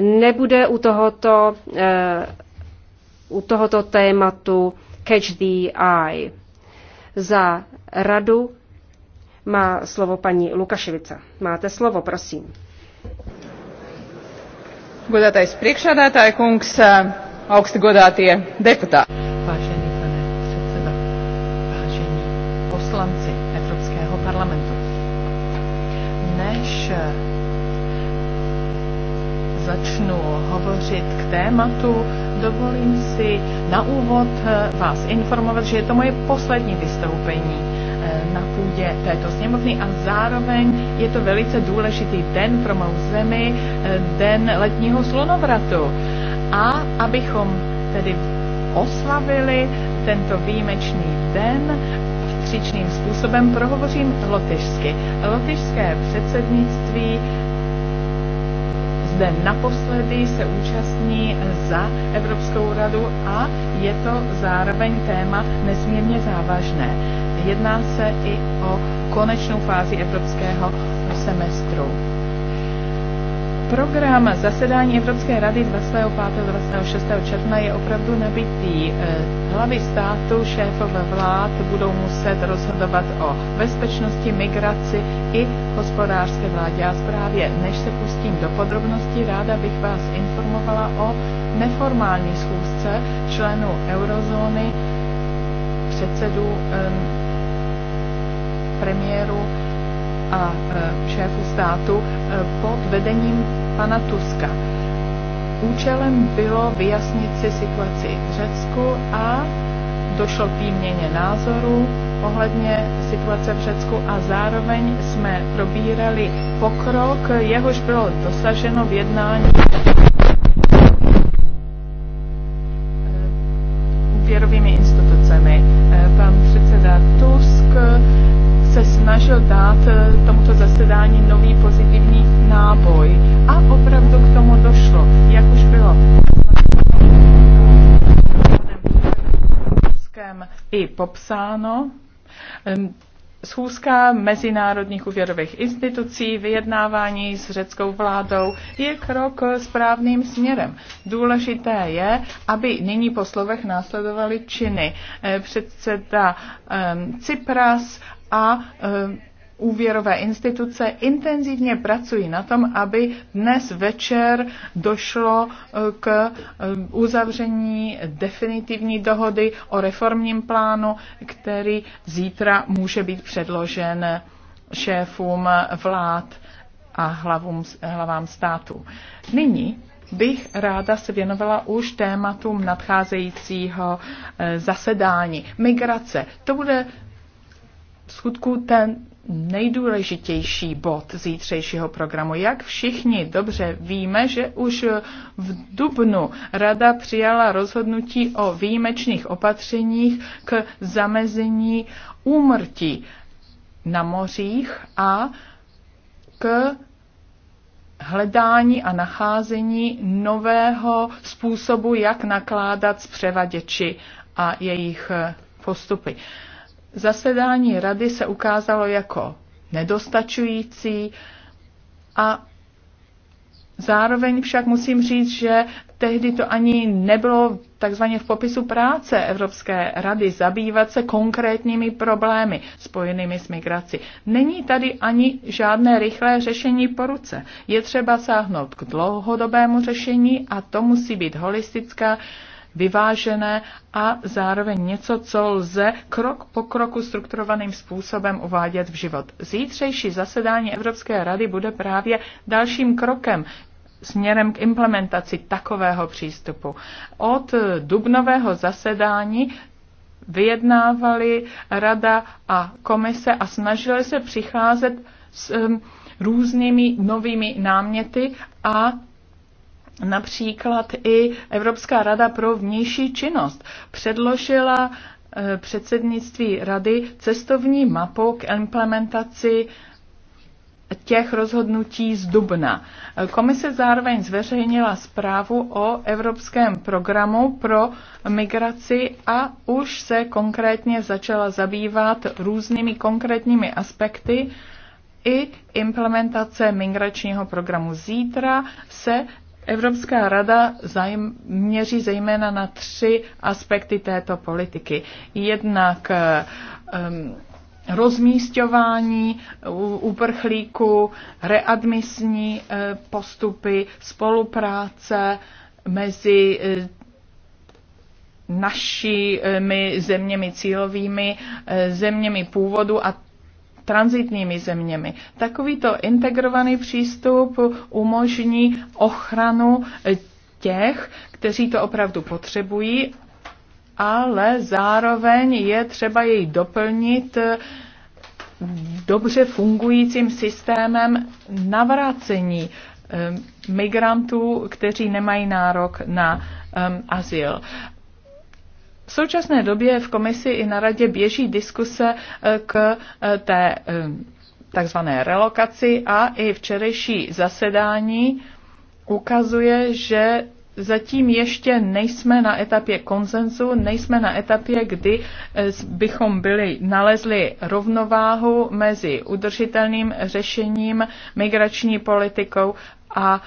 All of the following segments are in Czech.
nebude u tohoto, eh, u tohoto tématu Catch the Eye. Za radu má slovo paní Lukaševice. Máte slovo, prosím. Godātais priekšādātāja kungs, augsti godātie deputāti. hovořit k tématu, dovolím si na úvod eh, vás informovat, že je to moje poslední vystoupení eh, na půdě této sněmovny a zároveň je to velice důležitý den pro mou zemi, eh, den letního slunovratu. A abychom tedy oslavili tento výjimečný den příčným způsobem, prohovořím lotyšsky. Lotyšské předsednictví zde naposledy se účastní za Evropskou radu a je to zároveň téma nesmírně závažné. Jedná se i o konečnou fázi evropského semestru Program zasedání Evropské rady 25. 26. června je opravdu nabitý. Eh, hlavy státu, šéfové vlád budou muset rozhodovat o bezpečnosti, migraci i hospodářské vládě a zprávě. Než se pustím do podrobností, ráda bych vás informovala o neformální schůzce členů eurozóny, předsedů, ehm, premiéru, a e, šéfu státu e, pod vedením pana Tuska. Účelem bylo vyjasnit si situaci v Řecku a došlo k výměně názorů ohledně situace v Řecku a zároveň jsme probírali pokrok, jehož bylo dosaženo v jednání úvěrovými institucemi. E, pan předseda Tusk popsáno. Schůzka mezinárodních úvěrových institucí, vyjednávání s řeckou vládou je krok správným směrem. Důležité je, aby nyní po slovech následovaly činy. Eh, předseda Cypras a úvěrové instituce intenzivně pracují na tom, aby dnes večer došlo e, k e, uzavření definitivní dohody o reformním plánu, který zítra může být předložen šéfům vlád a hlavům, hlavám států. Nyní bych ráda se věnovala už tématům nadcházejícího e, zasedání. Migrace. To bude v skutku ten nejdůležitější bod zítřejšího programu. Jak všichni dobře víme, že už v Dubnu Rada přijala rozhodnutí o výjimečných opatřeních k zamezení úmrtí na mořích a k hledání a nacházení nového způsobu, jak nakládat s převaděči a jejich postupy. Zasedání rady se ukázalo jako nedostačující a zároveň však musím říct, že tehdy to ani nebylo takzvaně v popisu práce Evropské rady zabývat se konkrétními problémy spojenými s migrací. Není tady ani žádné rychlé řešení po ruce. Je třeba sáhnout k dlouhodobému řešení a to musí být holistická vyvážené a zároveň něco, co lze krok po kroku strukturovaným způsobem uvádět v život. Zítřejší zasedání Evropské rady bude právě dalším krokem směrem k implementaci takového přístupu. Od dubnového zasedání vyjednávali rada a komise a snažili se přicházet s um, různými novými náměty a Například i Evropská rada pro vnější činnost předložila eh, předsednictví rady cestovní mapu k implementaci těch rozhodnutí z Dubna. Komise zároveň zveřejnila zprávu o evropském programu pro migraci a už se konkrétně začala zabývat různými konkrétními aspekty i implementace migračního programu. Zítra se Evropská rada zajm, měří zejména na tři aspekty této politiky. Jednak um, eh, rozmístování uprchlíků, readmisní eh, postupy, spolupráce mezi eh, našimi zeměmi cílovými, zeměmi původu a transitními zeměmi. Takovýto integrovaný přístup umožní ochranu eh, těch, kteří to opravdu potřebují, ale zároveň je třeba jej doplnit eh, dobře fungujícím systémem navrácení eh, migrantů, kteří nemají nárok na um, azyl. V současné době v komisi i na radě běží diskuse eh, k eh, té eh, takzvané relokaci a i včerejší zasedání ukazuje, že zatím ještě nejsme na etapě konsenzu, nejsme na etapě, kdy bychom byli nalezli rovnováhu mezi udržitelným řešením, migrační politikou a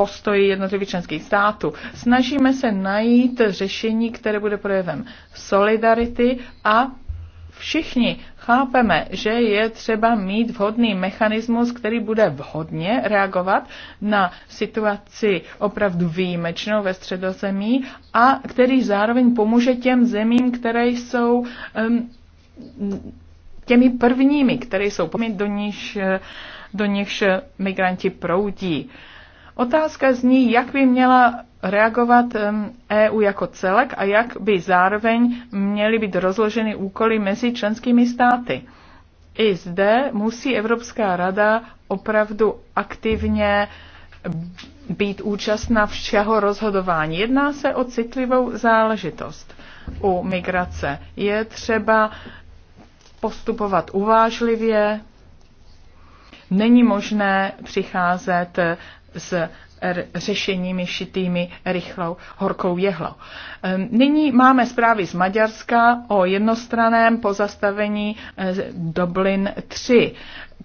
postoji jednotlivých členských států. Snažíme se najít řešení, které bude projevem solidarity a všichni chápeme, že je třeba mít vhodný mechanismus, který bude vhodně reagovat na situaci opravdu výjimečnou ve středozemí a který zároveň pomůže těm zemím, které jsou um, těmi prvními, které jsou do níž, do nichž migranti proudí. Uh, Otázka zní, jak by měla reagovat EU e jako celek a jak by zároveň měly být rozloženy úkoly mezi členskými státy. I zde musí Evropská rada opravdu aktivně být účastna všeho rozhodování. Jedná se o citlivou záležitost u migrace. Je třeba postupovat uvážlivě, není možné přicházet s řešeními šitými rychlou horkou jehlou. Nyní máme zprávy z Maďarska o jednostraném pozastavení e, Dublin 3.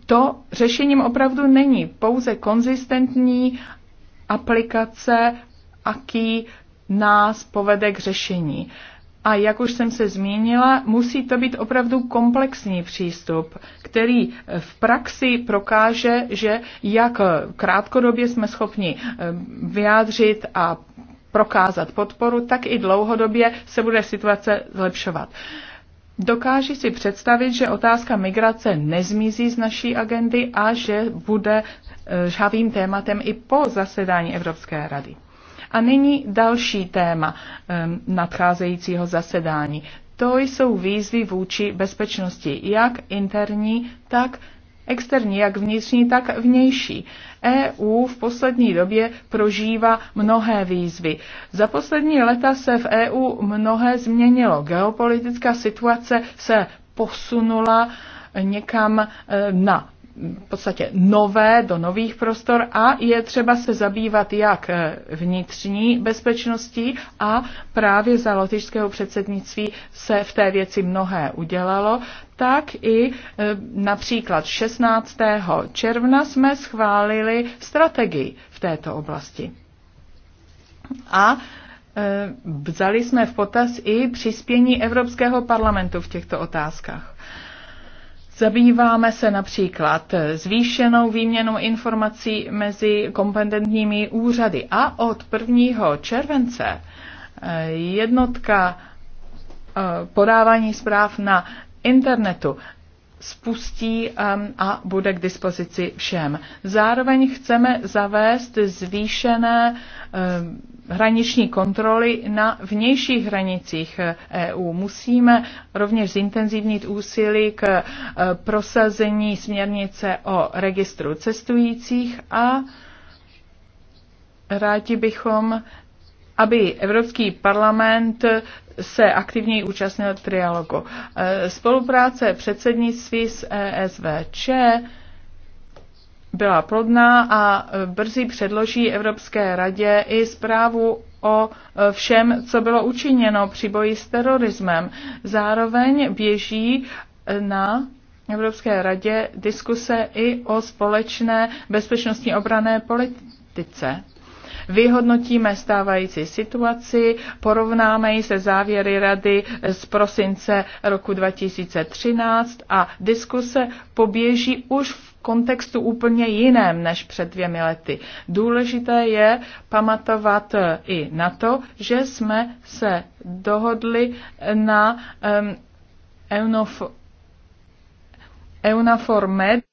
To řešením opravdu není pouze konzistentní aplikace, aký nás povede k řešení. A jak už jsem se zmínila, musí to být opravdu komplexní přístup, který v praxi prokáže, že jak krátkodobě jsme schopni eh, vyjádřit a prokázat podporu, tak i dlouhodobě se bude situace zlepšovat. Dokáží si představit, že otázka migrace nezmizí z naší agendy a že bude eh, žhavým tématem i po zasedání Evropské rady. A nyní další téma ehm, nadcházejícího zasedání. To jsou výzvy vůči bezpečnosti, jak interní, tak externí, jak vnitřní, tak vnější. EU v poslední době prožívá mnohé výzvy. Za poslední leta se v EU mnohé změnilo. Geopolitická situace se posunula někam eh, na v podstatě nové do nových prostor a je třeba se zabývat jak vnitřní bezpečností a právě za lotyšského předsednictví se v té věci mnohé udělalo, tak i e, například 16. června jsme schválili strategii v této oblasti. A e, vzali jsme v potaz i přispění Evropského parlamentu v těchto otázkách. Zabýváme se například zvýšenou výměnou informací mezi kompetentními úřady a od 1. července eh, jednotka eh, podávání zpráv na internetu spustí ehm, a bude k dispozici všem. Zároveň chceme zavést zvýšené ehm, hraniční kontroly na vnějších hranicích EU. Eh, e Musíme rovněž zintenzivnit úsilí k eh, prosazení směrnice o registru cestujících a rádi bychom, aby Evropský parlament se aktivněji účastnil trialogu. Eh, spolupráce předsednictví s ESVČ byla plodná a e, brzy předloží Evropské radě i zprávu o e, všem, co bylo učiněno při boji s terorismem. Zároveň běží e, na Evropské radě diskuse i o společné bezpečnostní obrané politice. Vyhodnotíme stávající situaci, porovnáme ji se závěry rady z prosince roku 2013 a diskuse poběží už v kontextu úplně jiném než před dvěmi lety. Důležité je pamatovat eh, i na to, že jsme se dohodli na um, EUNOF, EUNAFOR MED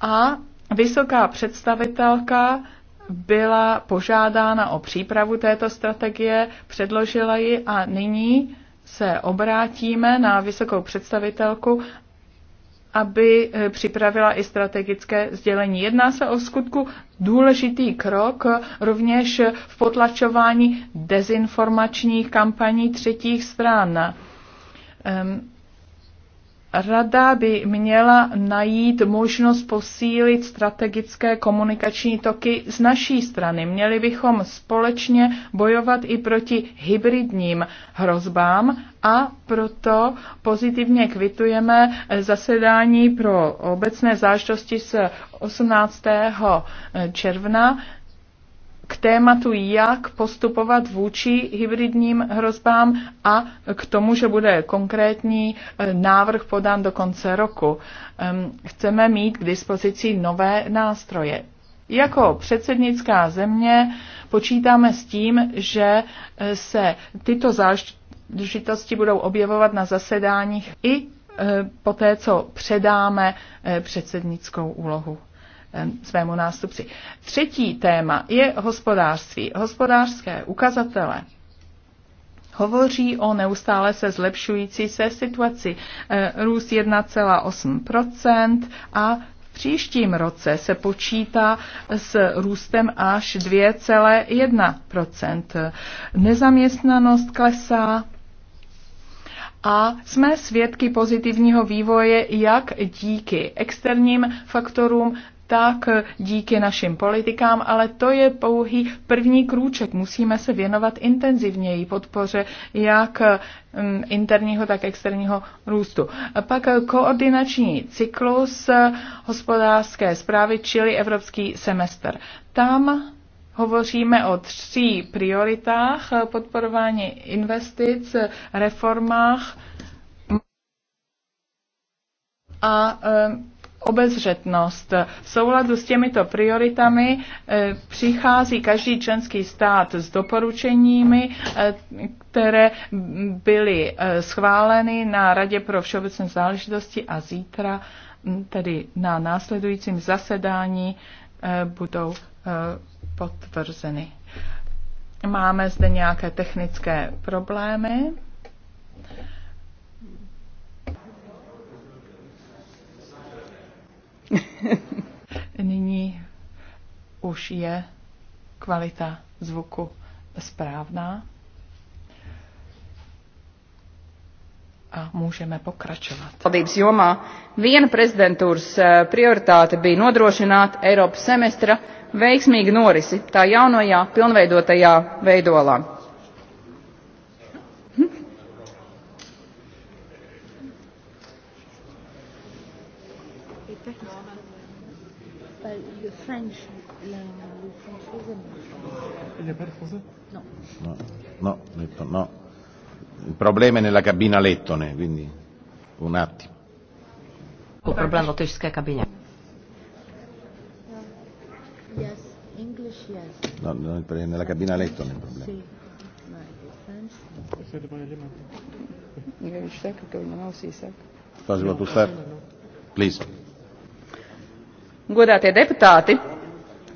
a vysoká představitelka byla požádána o přípravu této strategie, předložila ji a nyní se obrátíme na vysokou představitelku aby eh, připravila i strategické sdělení. Jedná se o skutku důležitý krok rovněž v potlačování dezinformačních kampaní třetích stran. Rada by měla najít možnost posílit strategické komunikační toky z naší strany. Měli bychom společně bojovat i proti hybridním hrozbám a proto pozitivně kvitujeme zasedání pro obecné záležitosti z 18. června, k tématu, jak postupovat vůči hybridním hrozbám a k tomu, že bude konkrétní eh, návrh podán do konce roku. Ehm, chceme mít k dispozici nové nástroje. Jako předsednická země počítáme s tím, že eh, se tyto záležitosti budou objevovat na zasedáních i eh, poté, co předáme předsednickou úlohu svému nástupci. Třetí téma je hospodářství. Hospodářské ukazatele hovoří o neustále se zlepšující se situaci. E, růst 1,8% a v příštím roce se počítá s růstem až 2,1%. Nezaměstnanost klesá a jsme svědky pozitivního vývoje jak díky externím faktorům, tak díky našim politikám, ale to je pouhý první krůček. Musíme se věnovat intenzivněji podpoře jak mm, interního, tak externího růstu. Pak koordinační cyklus hospodářské zprávy, čili evropský semestr. Tam Hovoříme o tří prioritách podporování investic, reformách a e, obezřetnost. V souladu s těmito prioritami eh, přichází každý členský stát s doporučeními, eh, které byly eh, schváleny na Radě pro všeobecné záležitosti a zítra, hm, tedy na následujícím zasedání, budou potvrzeny. Máme zde nějaké technické problémy. Nyní už je kvalita zvuku správná a můžeme pokračovat. Valdības jomā viena prezidentūras eh, prioritāte bija nodrošināt Eiropas semestra veiksmīgu norisi tā jaunajā pilnveidotajā veidolā French, la, le français, Il n'y a pas français No. No, no, detto no. Il problema è nella cabina lettone, quindi un attimo. Problém v lotyšské kabině. Yes, English, yes. No, no, nella cabina lettone il problema. Sì. No, Fazilo no. no, tu stare? Please. Godātie deputāti,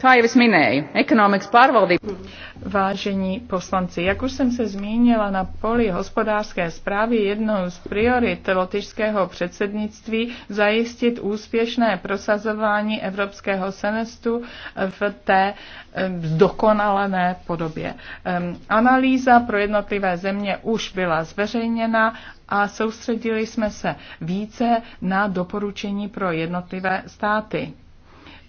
kā jau es minēju, ekonomikas pārvaldība. Vážení poslanci, jak už jsem se zmínila, na poli hospodářské zprávy jednou z priorit lotyšského předsednictví zajistit úspěšné prosazování evropského senestu v té zdokonalené podobě. Analýza pro jednotlivé země už byla zveřejněna a soustředili jsme se více na doporučení pro jednotlivé státy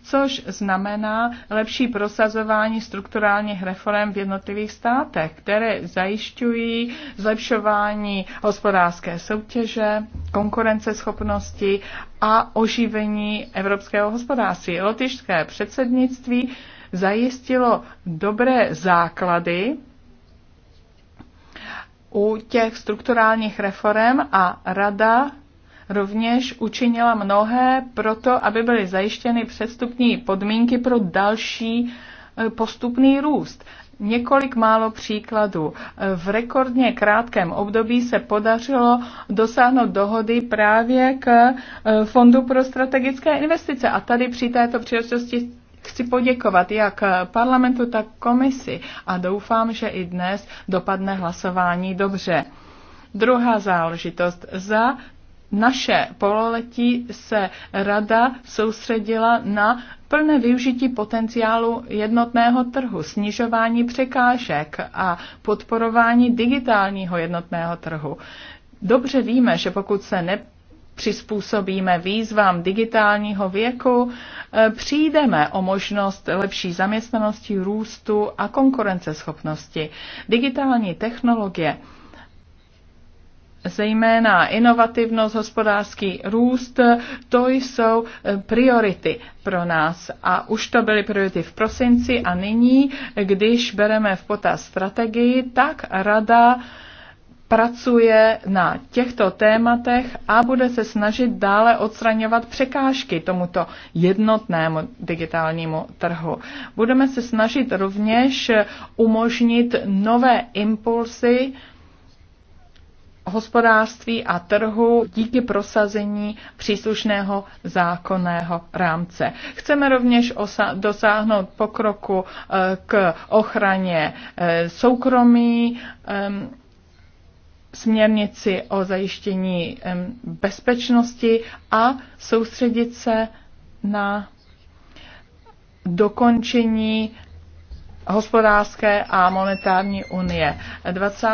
což znamená lepší prosazování strukturálních reform v jednotlivých státech, které zajišťují zlepšování hospodářské soutěže, konkurenceschopnosti a oživení evropského hospodářství. Lotyšské předsednictví zajistilo dobré základy u těch strukturálních reform a rada rovněž učinila mnohé proto, aby byly zajištěny předstupní podmínky pro další e, postupný růst. Několik málo příkladů. E, v rekordně krátkém období se podařilo dosáhnout dohody právě k e, Fondu pro strategické investice. A tady při této příležitosti chci poděkovat jak parlamentu, tak komisi a doufám, že i dnes dopadne hlasování dobře. Druhá záležitost. Za naše pololetí se rada soustředila na plné využití potenciálu jednotného trhu, snižování překážek a podporování digitálního jednotného trhu. Dobře víme, že pokud se ne přizpůsobíme výzvám digitálního věku, eh, přijdeme o možnost lepší zaměstnanosti, růstu a konkurenceschopnosti. Digitální technologie zejména inovativnost, hospodářský růst, to jsou eh, priority pro nás. A už to byly priority v prosinci a nyní, když bereme v potaz strategii, tak rada pracuje na těchto tématech a bude se snažit dále odstraňovat překážky tomuto jednotnému digitálnímu trhu. Budeme se snažit rovněž umožnit nové impulsy, hospodářství a trhu díky prosazení příslušného zákonného rámce. Chceme rovněž dosáhnout pokroku eh, k ochraně eh, soukromí, směrnici o zajištění bezpečnosti a soustředit se na dokončení hospodářské a monetární unie. 20.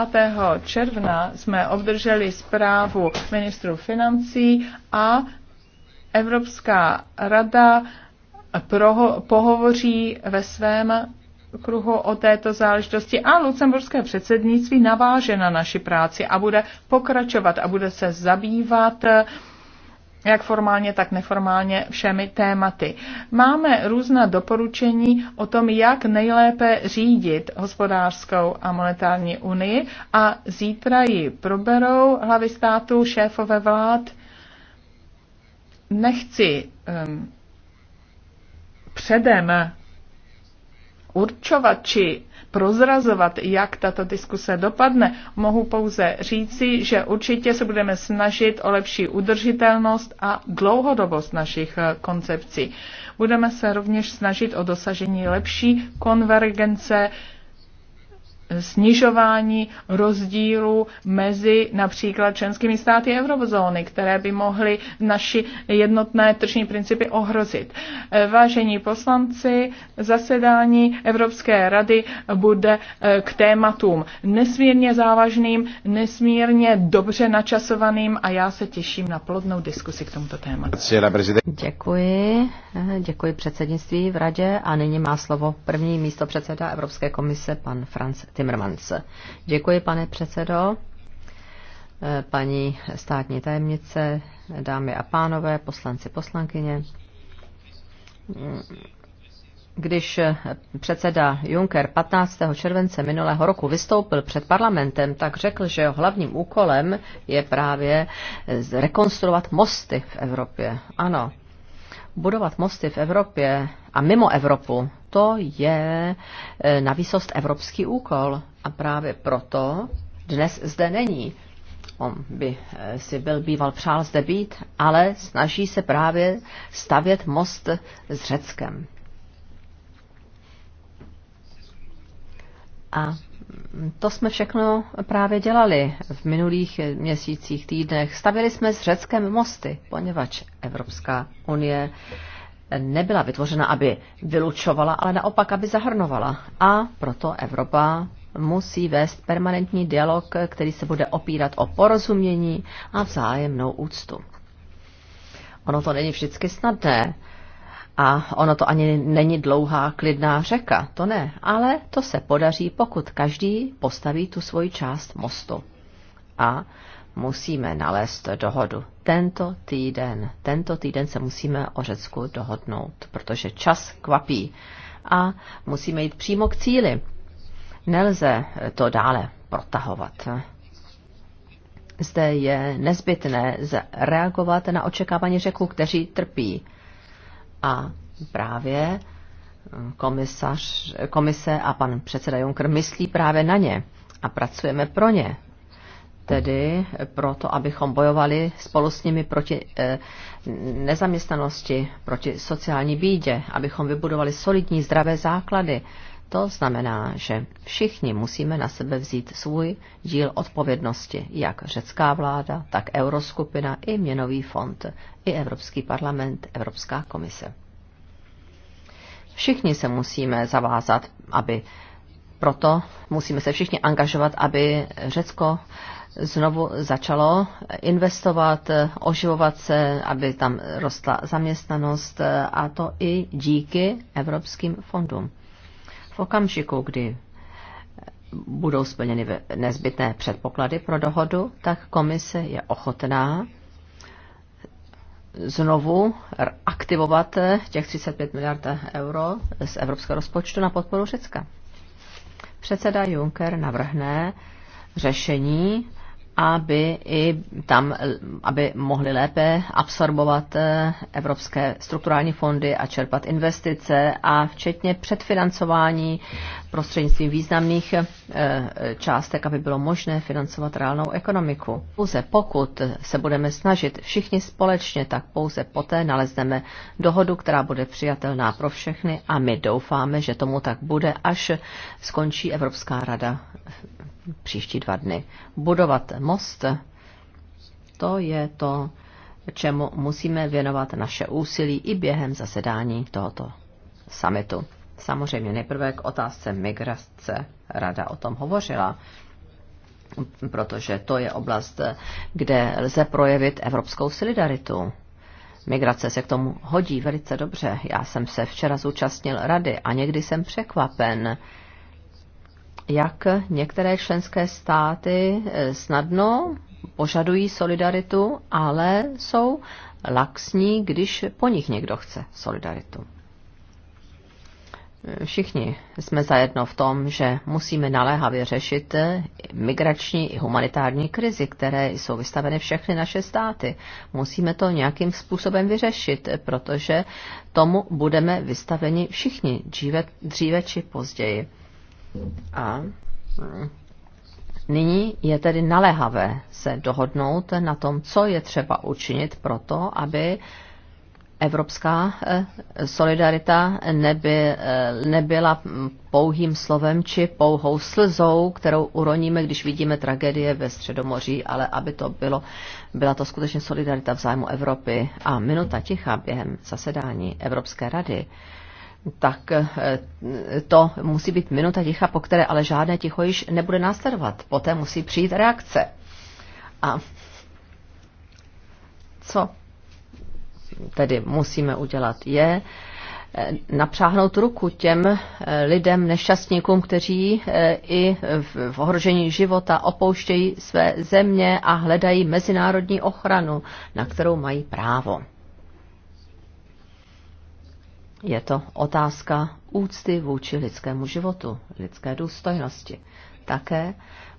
června jsme obdrželi zprávu ministru financí a Evropská rada proho- pohovoří ve svém kruhu o této záležitosti a lucemburské předsednictví naváže na naši práci a bude pokračovat a bude se zabývat uh, jak formálně, tak neformálně všemi tématy. Máme různá doporučení o tom, jak nejlépe řídit hospodářskou a monetární unii a zítra ji proberou hlavy států, šéfové vlád. Nechci um, předem určovat či prozrazovat, jak tato diskuse dopadne, mohu pouze říci, že určitě se budeme snažit o lepší udržitelnost a dlouhodobost našich eh, koncepcí. Budeme se rovněž snažit o dosažení lepší konvergence snižování rozdílu mezi například členskými státy eurozóny, které by mohly naši jednotné tržní principy ohrozit. Eh, vážení poslanci, zasedání Evropské rady bude eh, k tématům nesmírně závažným, nesmírně dobře načasovaným a já se těším na plodnou diskusi k tomuto tématu. Děkuji. Eh, děkuji předsednictví v radě a nyní má slovo první místo předseda Evropské komise pan Franz Timmermans. Děkuji, pane předsedo, eh, paní státní tajemnice, dámy a pánové, poslanci, poslankyně. Mm, když předseda Juncker 15. července minulého roku vystoupil před parlamentem, tak řekl, že jeho hlavním úkolem je právě zrekonstruovat mosty v Evropě. Ano, budovat mosty v Evropě a mimo Evropu, to je e, na výsost evropský úkol a právě proto dnes zde není. On by e, si byl býval přál zde být, ale snaží se právě stavět most s Řeckem. A to jsme všechno právě dělali v minulých měsících, týdnech. Stavili jsme s Řeckem mosty, poněvadž Evropská unie nebyla vytvořena, aby vylučovala, ale naopak, aby zahrnovala. A proto Evropa musí vést permanentní dialog, který se bude opírat o porozumění a vzájemnou úctu. Ono to není vždycky snadné a ono to ani není dlouhá klidná řeka, to ne, ale to se podaří, pokud každý postaví tu svoji část mostu. A musíme nalézt dohodu. Tento týden, tento týden se musíme o Řecku dohodnout, protože čas kvapí a musíme jít přímo k cíli. Nelze to dále protahovat. Zde je nezbytné reagovat na očekávání řeků, kteří trpí. A právě mm, komisař, komise a pan předseda Juncker myslí právě na ně a pracujeme pro ně, tedy proto, abychom bojovali spolu s nimi proti eh, nezaměstnanosti, proti sociální bídě, abychom vybudovali solidní, zdravé základy. To znamená, že všichni musíme na sebe vzít svůj díl odpovědnosti, jak řecká vláda, tak euroskupina i měnový fond, i Evropský parlament, Evropská komise. Všichni se musíme zavázat, aby proto musíme se všichni angažovat, aby Řecko znovu začalo investovat, oživovat se, aby tam rostla zaměstnanost eh, a to i díky evropským fondům. V okamžiku, kdy eh, budou splněny nezbytné předpoklady pro dohodu, tak komise je ochotná znovu aktivovat eh, těch 35 miliard euro z evropského rozpočtu na podporu Řecka. Předseda Juncker navrhne řešení aby i tam, aby mohli lépe absorbovat eh, evropské strukturální fondy a čerpat investice a včetně předfinancování prostřednictvím významných eh, částek, aby bylo možné financovat reálnou ekonomiku. Pouze pokud se budeme snažit všichni společně, tak pouze poté nalezneme dohodu, která bude přijatelná pro všechny a my doufáme, že tomu tak bude, až skončí Evropská rada příští dva dny. Budovat most, to je to, čemu musíme věnovat naše úsilí i během zasedání tohoto summitu. Samozřejmě nejprve k otázce migrace. Rada o tom hovořila protože to je oblast, kde lze projevit evropskou solidaritu. Migrace se k tomu hodí velice dobře. Já jsem se včera zúčastnil rady a někdy jsem překvapen, jak některé členské státy eh, snadno požadují solidaritu, ale jsou laxní, když po nich někdo chce solidaritu. Všichni jsme zajedno v tom, že musíme naléhavě řešit migrační i humanitární krizi, které jsou vystaveny všechny naše státy. Musíme to nějakým způsobem vyřešit, protože tomu budeme vystaveni všichni dříve, dříve či později. A mm, nyní je tedy naléhavé se dohodnout na tom, co je třeba učinit proto, aby evropská eh, solidarita neby, eh, nebyla pouhým slovem či pouhou slzou, kterou uroníme, když vidíme tragédie ve Středomoří, ale aby to bylo, byla to skutečně solidarita v zájmu Evropy. A minuta ticha během zasedání Evropské rady tak eh, to musí být minuta ticha, po které ale žádné ticho již nebude následovat. Poté musí přijít reakce. A co tedy musíme udělat, je eh, napřáhnout ruku těm eh, lidem, nešťastníkům, kteří eh, i v ohrožení života opouštějí své země a hledají mezinárodní ochranu, na kterou mají právo. Je to otázka úcty vůči lidskému životu, lidské důstojnosti také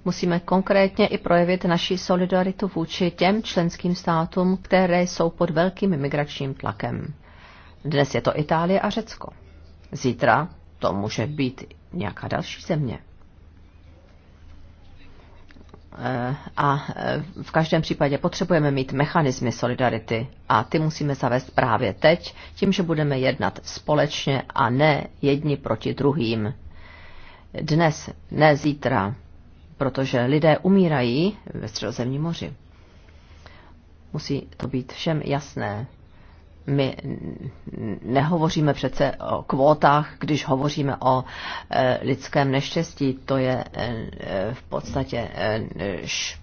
musíme konkrétně i projevit naši solidaritu vůči těm členským státům, které jsou pod velkým migračním tlakem. Dnes je to Itálie a Řecko. Zítra to může být nějaká další země. Eh, a eh, v každém případě potřebujeme mít mechanismy solidarity a ty musíme zavést právě teď, tím, že budeme jednat společně a ne jedni proti druhým dnes, ne zítra, protože lidé umírají ve středozemní moři. Musí to být všem jasné. My nehovoříme přece o kvótách, když hovoříme o e, lidském neštěstí. To je e, v podstatě e, š,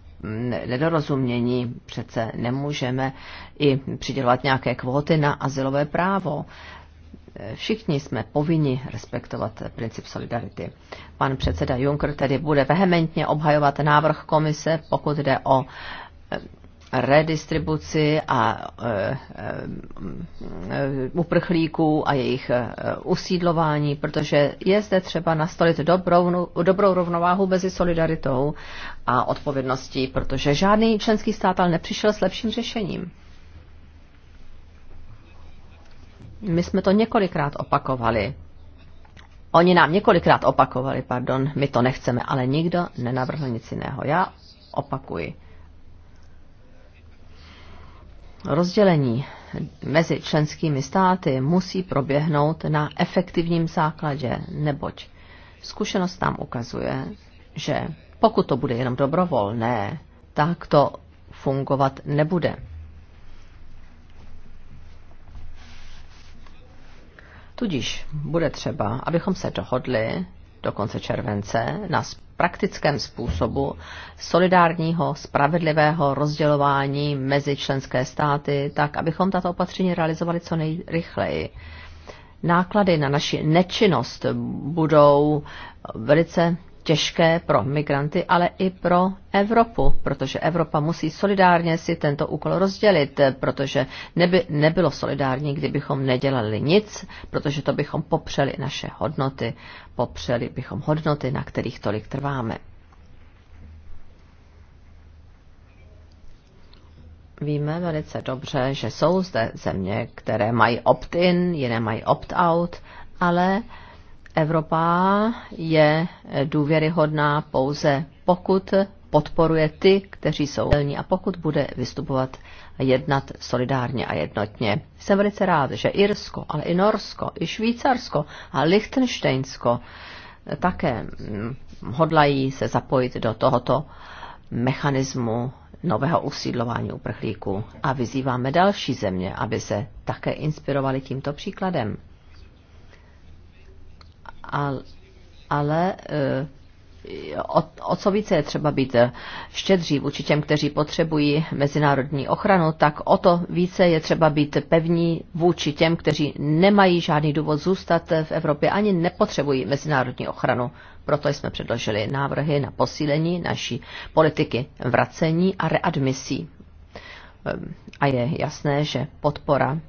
nedorozumění. Přece nemůžeme i přidělovat nějaké kvóty na asilové právo. E, všichni jsme povinni respektovat princip solidarity. Pan předseda Juncker tedy bude vehementně obhajovat návrh komise, pokud jde o eh, redistribuci a eh, eh, uprchlíků a jejich usídlování, protože je zde třeba nastolit dobrou, dobrou rovnováhu mezi solidaritou a odpovědností, protože žádný členský stát ale nepřišel s lepším řešením. My jsme to několikrát opakovali. Oni nám několikrát opakovali, pardon, my to nechceme, ale nikdo nenavrhl nic jiného. Já opakuji. Rozdělení mezi členskými státy musí proběhnout na efektivním základě, neboť zkušenost nám ukazuje, že pokud to bude jenom dobrovolné, tak to fungovat nebude. Tudíž bude třeba, abychom se dohodli do konce července na praktickém způsobu solidárního, spravedlivého rozdělování mezi členské státy, tak abychom tato opatření realizovali co nejrychleji. Náklady na naši nečinnost budou velice těžké pro migranty, ale i pro Evropu, protože Evropa musí solidárně si tento úkol rozdělit, protože neby, nebylo solidární, kdybychom nedělali nic, protože to bychom popřeli naše hodnoty, popřeli bychom hodnoty, na kterých tolik trváme. Víme velice dobře, že jsou zde země, které mají opt-in, jiné mají opt-out, ale Evropa je důvěryhodná pouze pokud podporuje ty, kteří jsou silní a pokud bude vystupovat a jednat solidárně a jednotně. Jsem velice rád, že Irsko, ale i Norsko, i Švýcarsko a Lichtensteinsko také mm, hodlají se zapojit do tohoto mechanismu nového usídlování uprchlíků a vyzýváme další země, aby se také inspirovali tímto příkladem ale eh, o, o co více je třeba být eh, štědří vůči těm, kteří potřebují mezinárodní ochranu, tak o to více je třeba být pevní vůči těm, kteří nemají žádný důvod zůstat eh, v Evropě ani nepotřebují mezinárodní ochranu. Proto jsme předložili návrhy na posílení naší politiky vracení a readmisí. A je jasné, že podpora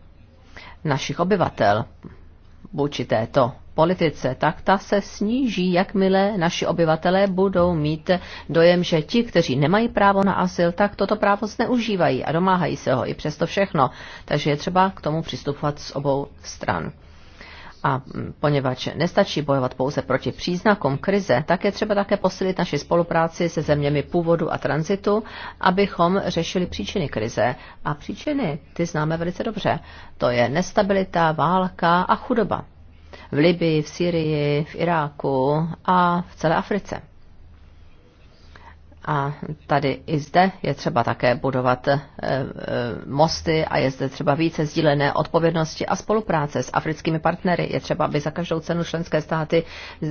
našich obyvatel vůči této politice, tak ta se sníží, jakmile naši obyvatelé budou mít dojem, že ti, kteří nemají právo na asyl, tak toto právo zneužívají a domáhají se ho i přesto všechno. Takže je třeba k tomu přistupovat z obou stran. A mm, poněvadž nestačí bojovat pouze proti příznakům krize, tak je třeba také posilit naši spolupráci se zeměmi původu a tranzitu, abychom řešili příčiny krize. A příčiny ty známe velice dobře. To je nestabilita, válka a chudoba v Libii, v Syrii, v Iráku a v celé Africe. A tady i zde je třeba také budovat eh, eh, mosty a je zde třeba více sdílené odpovědnosti a spolupráce s africkými partnery. Je třeba, aby za každou cenu členské státy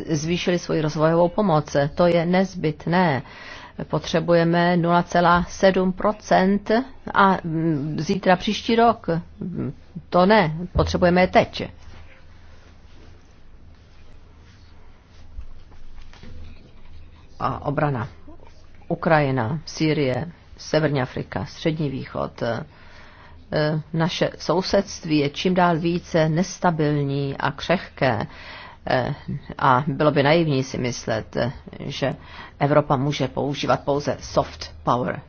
zvýšily svoji rozvojovou pomoc. To je nezbytné. Potřebujeme 0,7 a mm, zítra příští rok. Mm, to ne, potřebujeme je teď. a obrana. Ukrajina, Sýrie, Severní Afrika, Střední východ. Eh, eh, naše sousedství je čím dál více nestabilní a křehké. Eh, a bylo by naivní si myslet, že Evropa může používat pouze soft power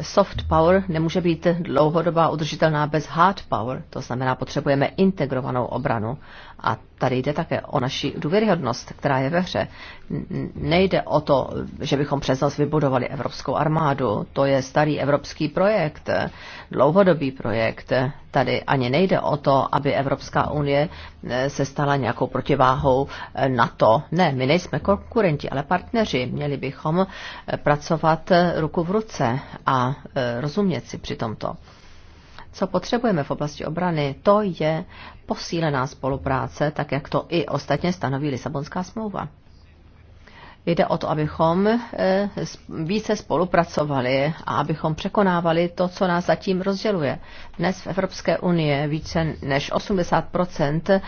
soft power nemůže být dlouhodobá udržitelná bez hard power, to znamená, potřebujeme integrovanou obranu. A tady jde také o naši důvěryhodnost, která je ve hře. Nejde o to, že bychom přes nás vybudovali evropskou armádu, to je starý evropský projekt, dlouhodobý projekt. Tady ani nejde o to, aby Evropská unie e, se stala nějakou protiváhou e, NATO. Ne, my nejsme konkurenti, ale partneři. Měli bychom e, pracovat ruku v ruce a e, rozumět si při tomto. Co potřebujeme v oblasti obrany, to je posílená spolupráce, tak jak to i ostatně stanoví Lisabonská smlouva. Jde o to, abychom e, více spolupracovali a abychom překonávali to, co nás zatím rozděluje. Dnes v Evropské unii více než 80 e,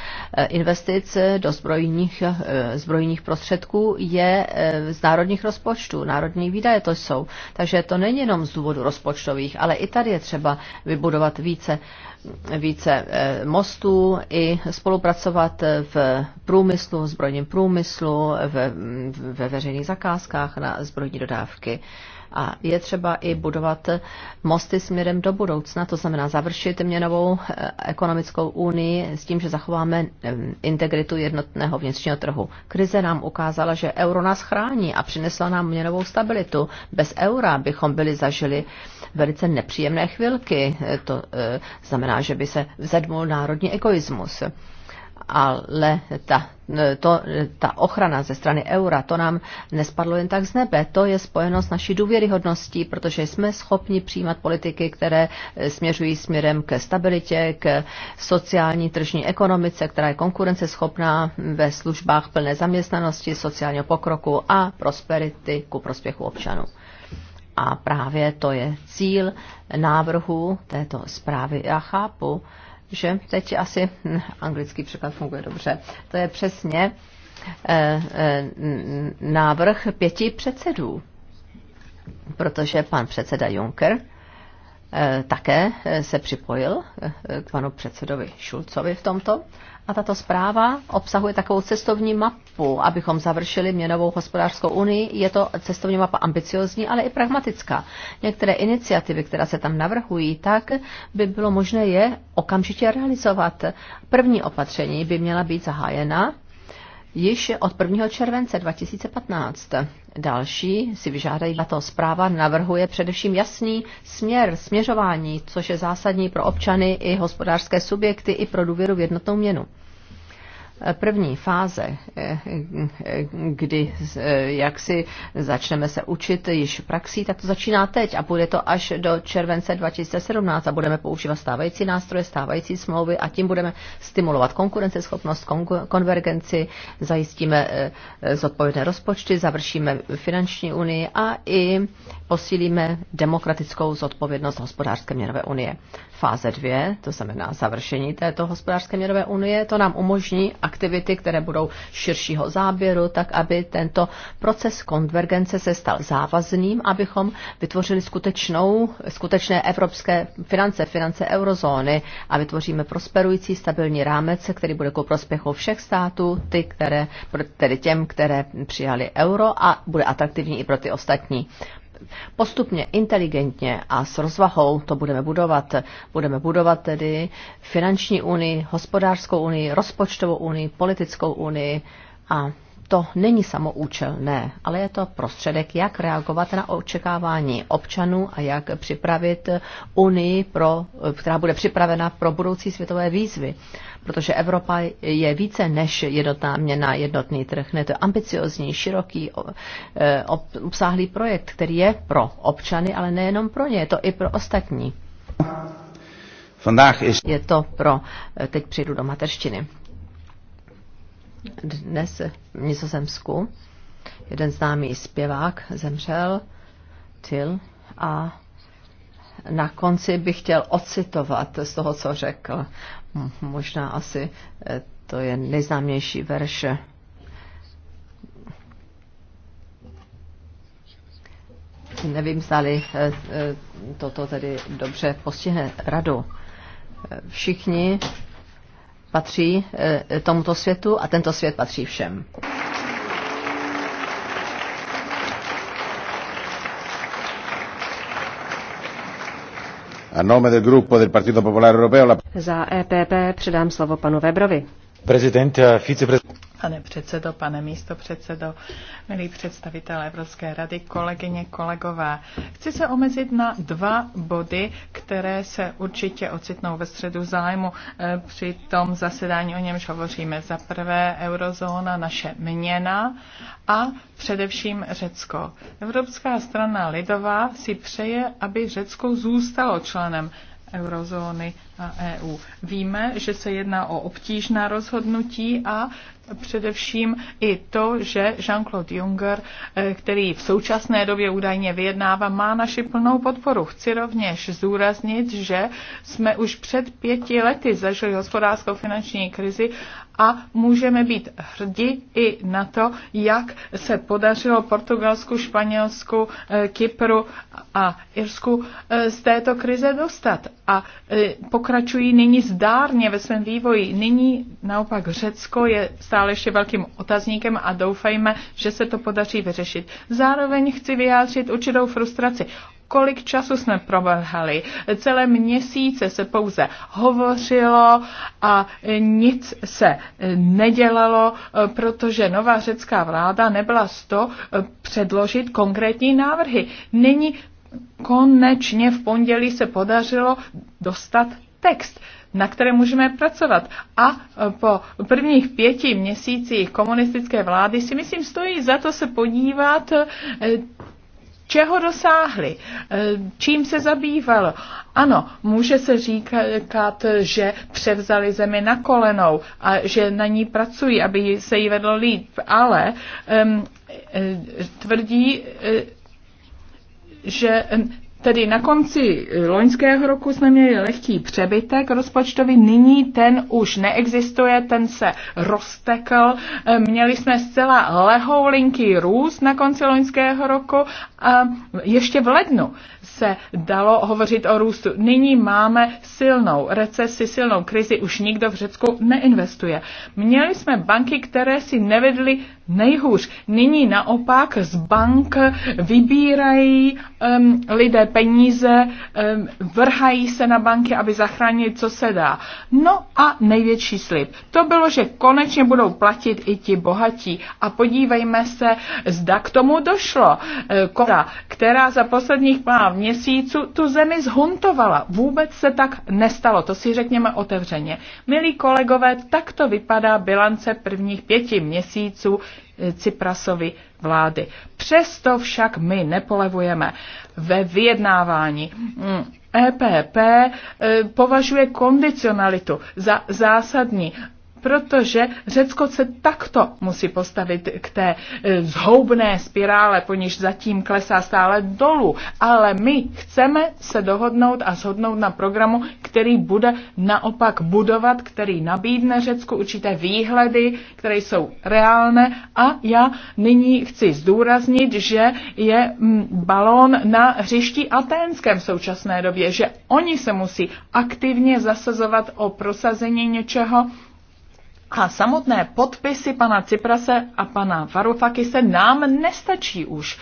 investic do zbrojních, e, zbrojních prostředků je z národních rozpočtů. Národní výdaje to jsou. Takže to není jenom z důvodu rozpočtových, ale i tady je třeba vybudovat více více eh, mostů i spolupracovat v průmyslu, zbrojním průmyslu, ve, ve veřejných zakázkách na zbrojní dodávky. A je třeba i budovat mosty směrem do budoucna, to znamená završit měnovou eh, ekonomickou unii s tím, že zachováme eh, integritu jednotného vnitřního trhu. Krize nám ukázala, že euro nás chrání a přinesla nám měnovou stabilitu. Bez eura bychom byli zažili velice nepříjemné chvilky. Eh, to znamená, že by se vzedmul národní egoismus ale ta, to, ta ochrana ze strany eura, to nám nespadlo jen tak z nebe. To je spojeno s naší důvěryhodností, protože jsme schopni přijímat politiky, které eh, směřují směrem ke stabilitě, k sociální tržní ekonomice, která je konkurenceschopná ve službách plné zaměstnanosti, sociálního pokroku a prosperity ku prospěchu občanů. A právě to je cíl návrhu této zprávy. Já chápu, že teď asi hm, anglický překlad funguje dobře. To je přesně eh, eh, návrh pěti předsedů, protože pan předseda Juncker eh, také se připojil k panu předsedovi Šulcovi v tomto a tato zpráva obsahuje takovou cestovní mapu, abychom završili měnovou hospodářskou unii. Je to cestovní mapa ambiciozní, ale i pragmatická. Některé iniciativy, které se tam navrhují, tak by bylo možné je okamžitě realizovat. První opatření by měla být zahájena již od 1. července 2015. Další si vyžádají tato zpráva navrhuje především jasný směr směřování, což je zásadní pro občany i hospodářské subjekty i pro důvěru v jednotnou měnu. První fáze, kdy jak si začneme se učit již praxí, tak to začíná teď a bude to až do července 2017 a budeme používat stávající nástroje, stávající smlouvy a tím budeme stimulovat konkurenceschopnost, konvergenci, zajistíme eh, zodpovědné rozpočty, završíme finanční unii a i posílíme demokratickou zodpovědnost hospodářské měnové unie fáze 2, to znamená završení této hospodářské měnové unie, to nám umožní aktivity, které budou širšího záběru, tak aby tento proces konvergence se stal závazným, abychom vytvořili skutečnou, skutečné evropské finance, finance eurozóny a vytvoříme prosperující stabilní rámec, který bude ku prospěchu všech států, ty, které, tedy těm, které přijali euro a bude atraktivní i pro ty ostatní postupně, inteligentně a s rozvahou to budeme budovat. Budeme budovat tedy finanční unii, hospodářskou unii, rozpočtovou unii, politickou unii a to není samoučelné, ale je to prostředek, jak reagovat na očekávání občanů a jak připravit Unii, pro, která bude připravena pro budoucí světové výzvy. Protože Evropa je více než jednotná měna, jednotný trh. Ne, to je ambiciozní, široký, e, obsáhlý projekt, který je pro občany, ale nejenom pro ně, je to i pro ostatní. Je to pro, e, teď přijdu do mateřštiny dnes v Nizozemsku. Jeden známý zpěvák zemřel, Till, a na konci bych chtěl ocitovat z toho, co řekl. Možná asi eh, to je nejznámější verš. Nevím, zdali eh, eh, toto tedy dobře postihne radu. Všichni patří e, tomuto světu a tento svět patří všem. Za EPP předám slovo panu Webrovi. Prezident, viceprezident. Pane předsedo, pane místo předsedo, milí představitelé Evropské rady, kolegyně, kolegové, chci se omezit na dva body, které se určitě ocitnou ve středu zájmu eh, při tom zasedání, o němž hovoříme. Za prvé eurozóna, naše měna a především Řecko. Evropská strana lidová si přeje, aby Řecko zůstalo členem eurozóny a EU. Víme, že se jedná o obtížná rozhodnutí a především i to, že Jean-Claude Juncker, eh, který v současné době údajně vyjednává, má naši plnou podporu. Chci rovněž zúraznit, že jsme už před pěti lety zažili hospodářskou finanční krizi a můžeme být hrdí i na to, jak se podařilo Portugalsku, Španělsku, eh, Kypru a Irsku eh, z této krize dostat. A pokračují nyní zdárně ve svém vývoji. Nyní naopak Řecko je stále ještě velkým otazníkem a doufejme, že se to podaří vyřešit. Zároveň chci vyjádřit určitou frustraci kolik času jsme promrhali. Celé měsíce se pouze hovořilo a nic se nedělalo, protože nová řecká vláda nebyla z to předložit konkrétní návrhy. Nyní konečně v pondělí se podařilo dostat text na které můžeme pracovat. A e, po prvních pěti měsících komunistické vlády si myslím stojí za to se podívat, e, čeho dosáhli, e, čím se zabývalo Ano, může se říkat, že převzali zemi na kolenou a že na ní pracují, aby se jí vedlo líp, ale um, tvrdí, že Tedy na konci loňského roku jsme měli lehký přebytek rozpočtový, nyní ten už neexistuje, ten se roztekl. Eh, měli jsme zcela lehoulinký růst na konci loňského roku a ještě v lednu se dalo hovořit o růstu. Nyní máme silnou recesi, silnou krizi, už nikdo v Řecku neinvestuje. Měli jsme banky, které si nevedly nejhůř. Nyní naopak z bank vybírají um, lidé peníze, vrhají se na banky, aby zachránili, co se dá. No a největší slib. To bylo, že konečně budou platit i ti bohatí. A podívejme se, zda k tomu došlo. E, Kora, která za posledních pár měsíců tu zemi zhuntovala. Vůbec se tak nestalo, to si řekněme otevřeně. Milí kolegové, tak to vypadá bilance prvních pěti měsíců Ciprasovi vlády. Přesto však my nepolevujeme ve vyjednávání. Mm, EPP eh, považuje kondicionalitu za zásadní protože Řecko se takto musí postavit k té eh, zhoubné spirále, po níž zatím klesá stále dolů. Ale my chceme se dohodnout a shodnout na programu, který bude naopak budovat, který nabídne Řecku určité výhledy, které jsou reálné. A já nyní chci zdůraznit, že je mm, balón na hřišti aténském v současné době, že oni se musí aktivně zasazovat o prosazení něčeho, a samotné podpisy pana Ciprase a pana se nám nestačí už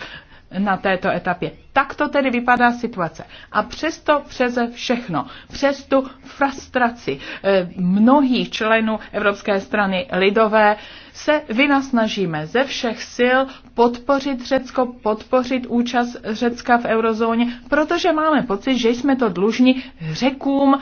na této etapě. Tak to tedy vypadá situace. A přesto přes všechno, přes tu frustraci eh, mnohých členů Evropské strany lidové, se vynasnažíme ze všech sil podpořit Řecko, podpořit účast Řecka v eurozóně, protože máme pocit, že jsme to dlužní. Řekům,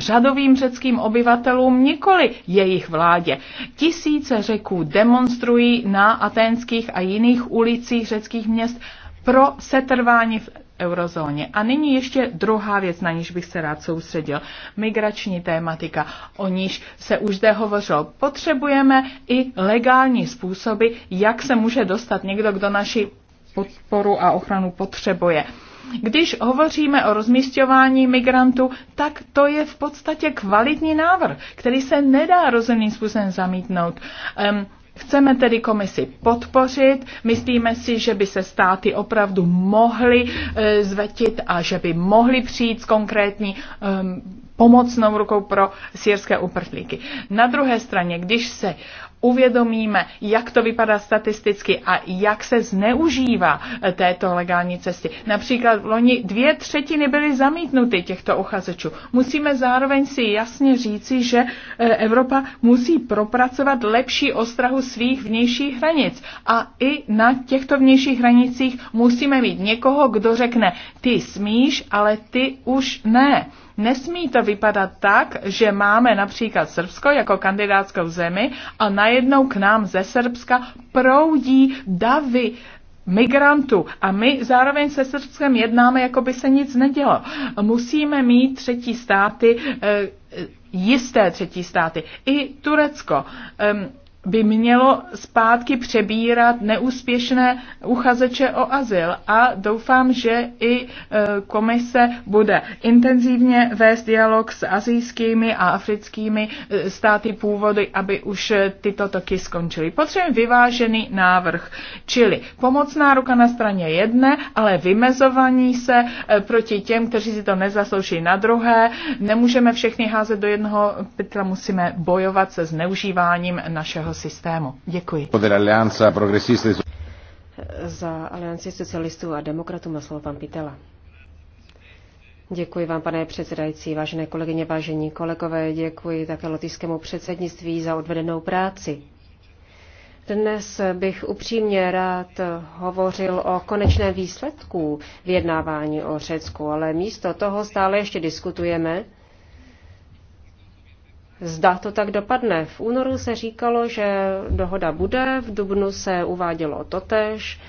řadovým řeckým obyvatelům, nikoli jejich vládě. Tisíce řeků demonstrují na aténských a jiných ulicích řeckých měst pro setrvání v eurozóně. A nyní ještě druhá věc, na níž bych se rád soustředil. Migrační tématika, o níž se už zde hovořilo. Potřebujeme i legální způsoby, jak se může dostat někdo, kdo naši podporu a ochranu potřebuje. Když hovoříme o rozmístěvání migrantů, tak to je v podstatě kvalitní návrh, který se nedá rozumným způsobem zamítnout. Um, Chceme tedy komisi podpořit, myslíme si, že by se státy opravdu mohly e, zvetit a že by mohly přijít s konkrétní e, pomocnou rukou pro syrské uprchlíky. Na druhé straně, když se uvědomíme, jak to vypadá statisticky a jak se zneužívá eh, této legální cesty. Například v loni dvě třetiny byly zamítnuty těchto uchazečů. Musíme zároveň si jasně říci, že eh, Evropa musí propracovat lepší ostrahu svých vnějších hranic. A i na těchto vnějších hranicích musíme mít někoho, kdo řekne, ty smíš, ale ty už ne Nesmí to vypadat tak, že máme například Srbsko jako kandidátskou zemi a najednou k nám ze Srbska proudí davy migrantů a my zároveň se Srbskem jednáme, jako by se nic nedělo. Musíme mít třetí státy, eh, jisté třetí státy. I Turecko by mělo zpátky přebírat neúspěšné uchazeče o azyl a doufám, že i e, komise bude intenzivně vést dialog s azijskými a africkými e, státy původy, aby už e, tyto toky skončily. Potřebujeme vyvážený návrh, čili pomocná ruka na straně jedné, ale vymezování se proti těm, kteří si to nezaslouží na druhé. Nemůžeme všechny házet do jednoho pytla, musíme bojovat se zneužíváním našeho důchodového systému. Děkuji. Za Alianci socialistů a demokratů má slovo pan Pitela. Děkuji vám, pane předsedající, vážené kolegyně, vážení kolegové, děkuji také lotyšskému předsednictví za odvedenou práci. Dnes bych upřímně rád hovořil o konečném výsledku vyjednávání o Řecku, ale místo toho stále ještě diskutujeme Zda to tak dopadne. V únoru se říkalo, že dohoda bude, v dubnu se uvádělo totež.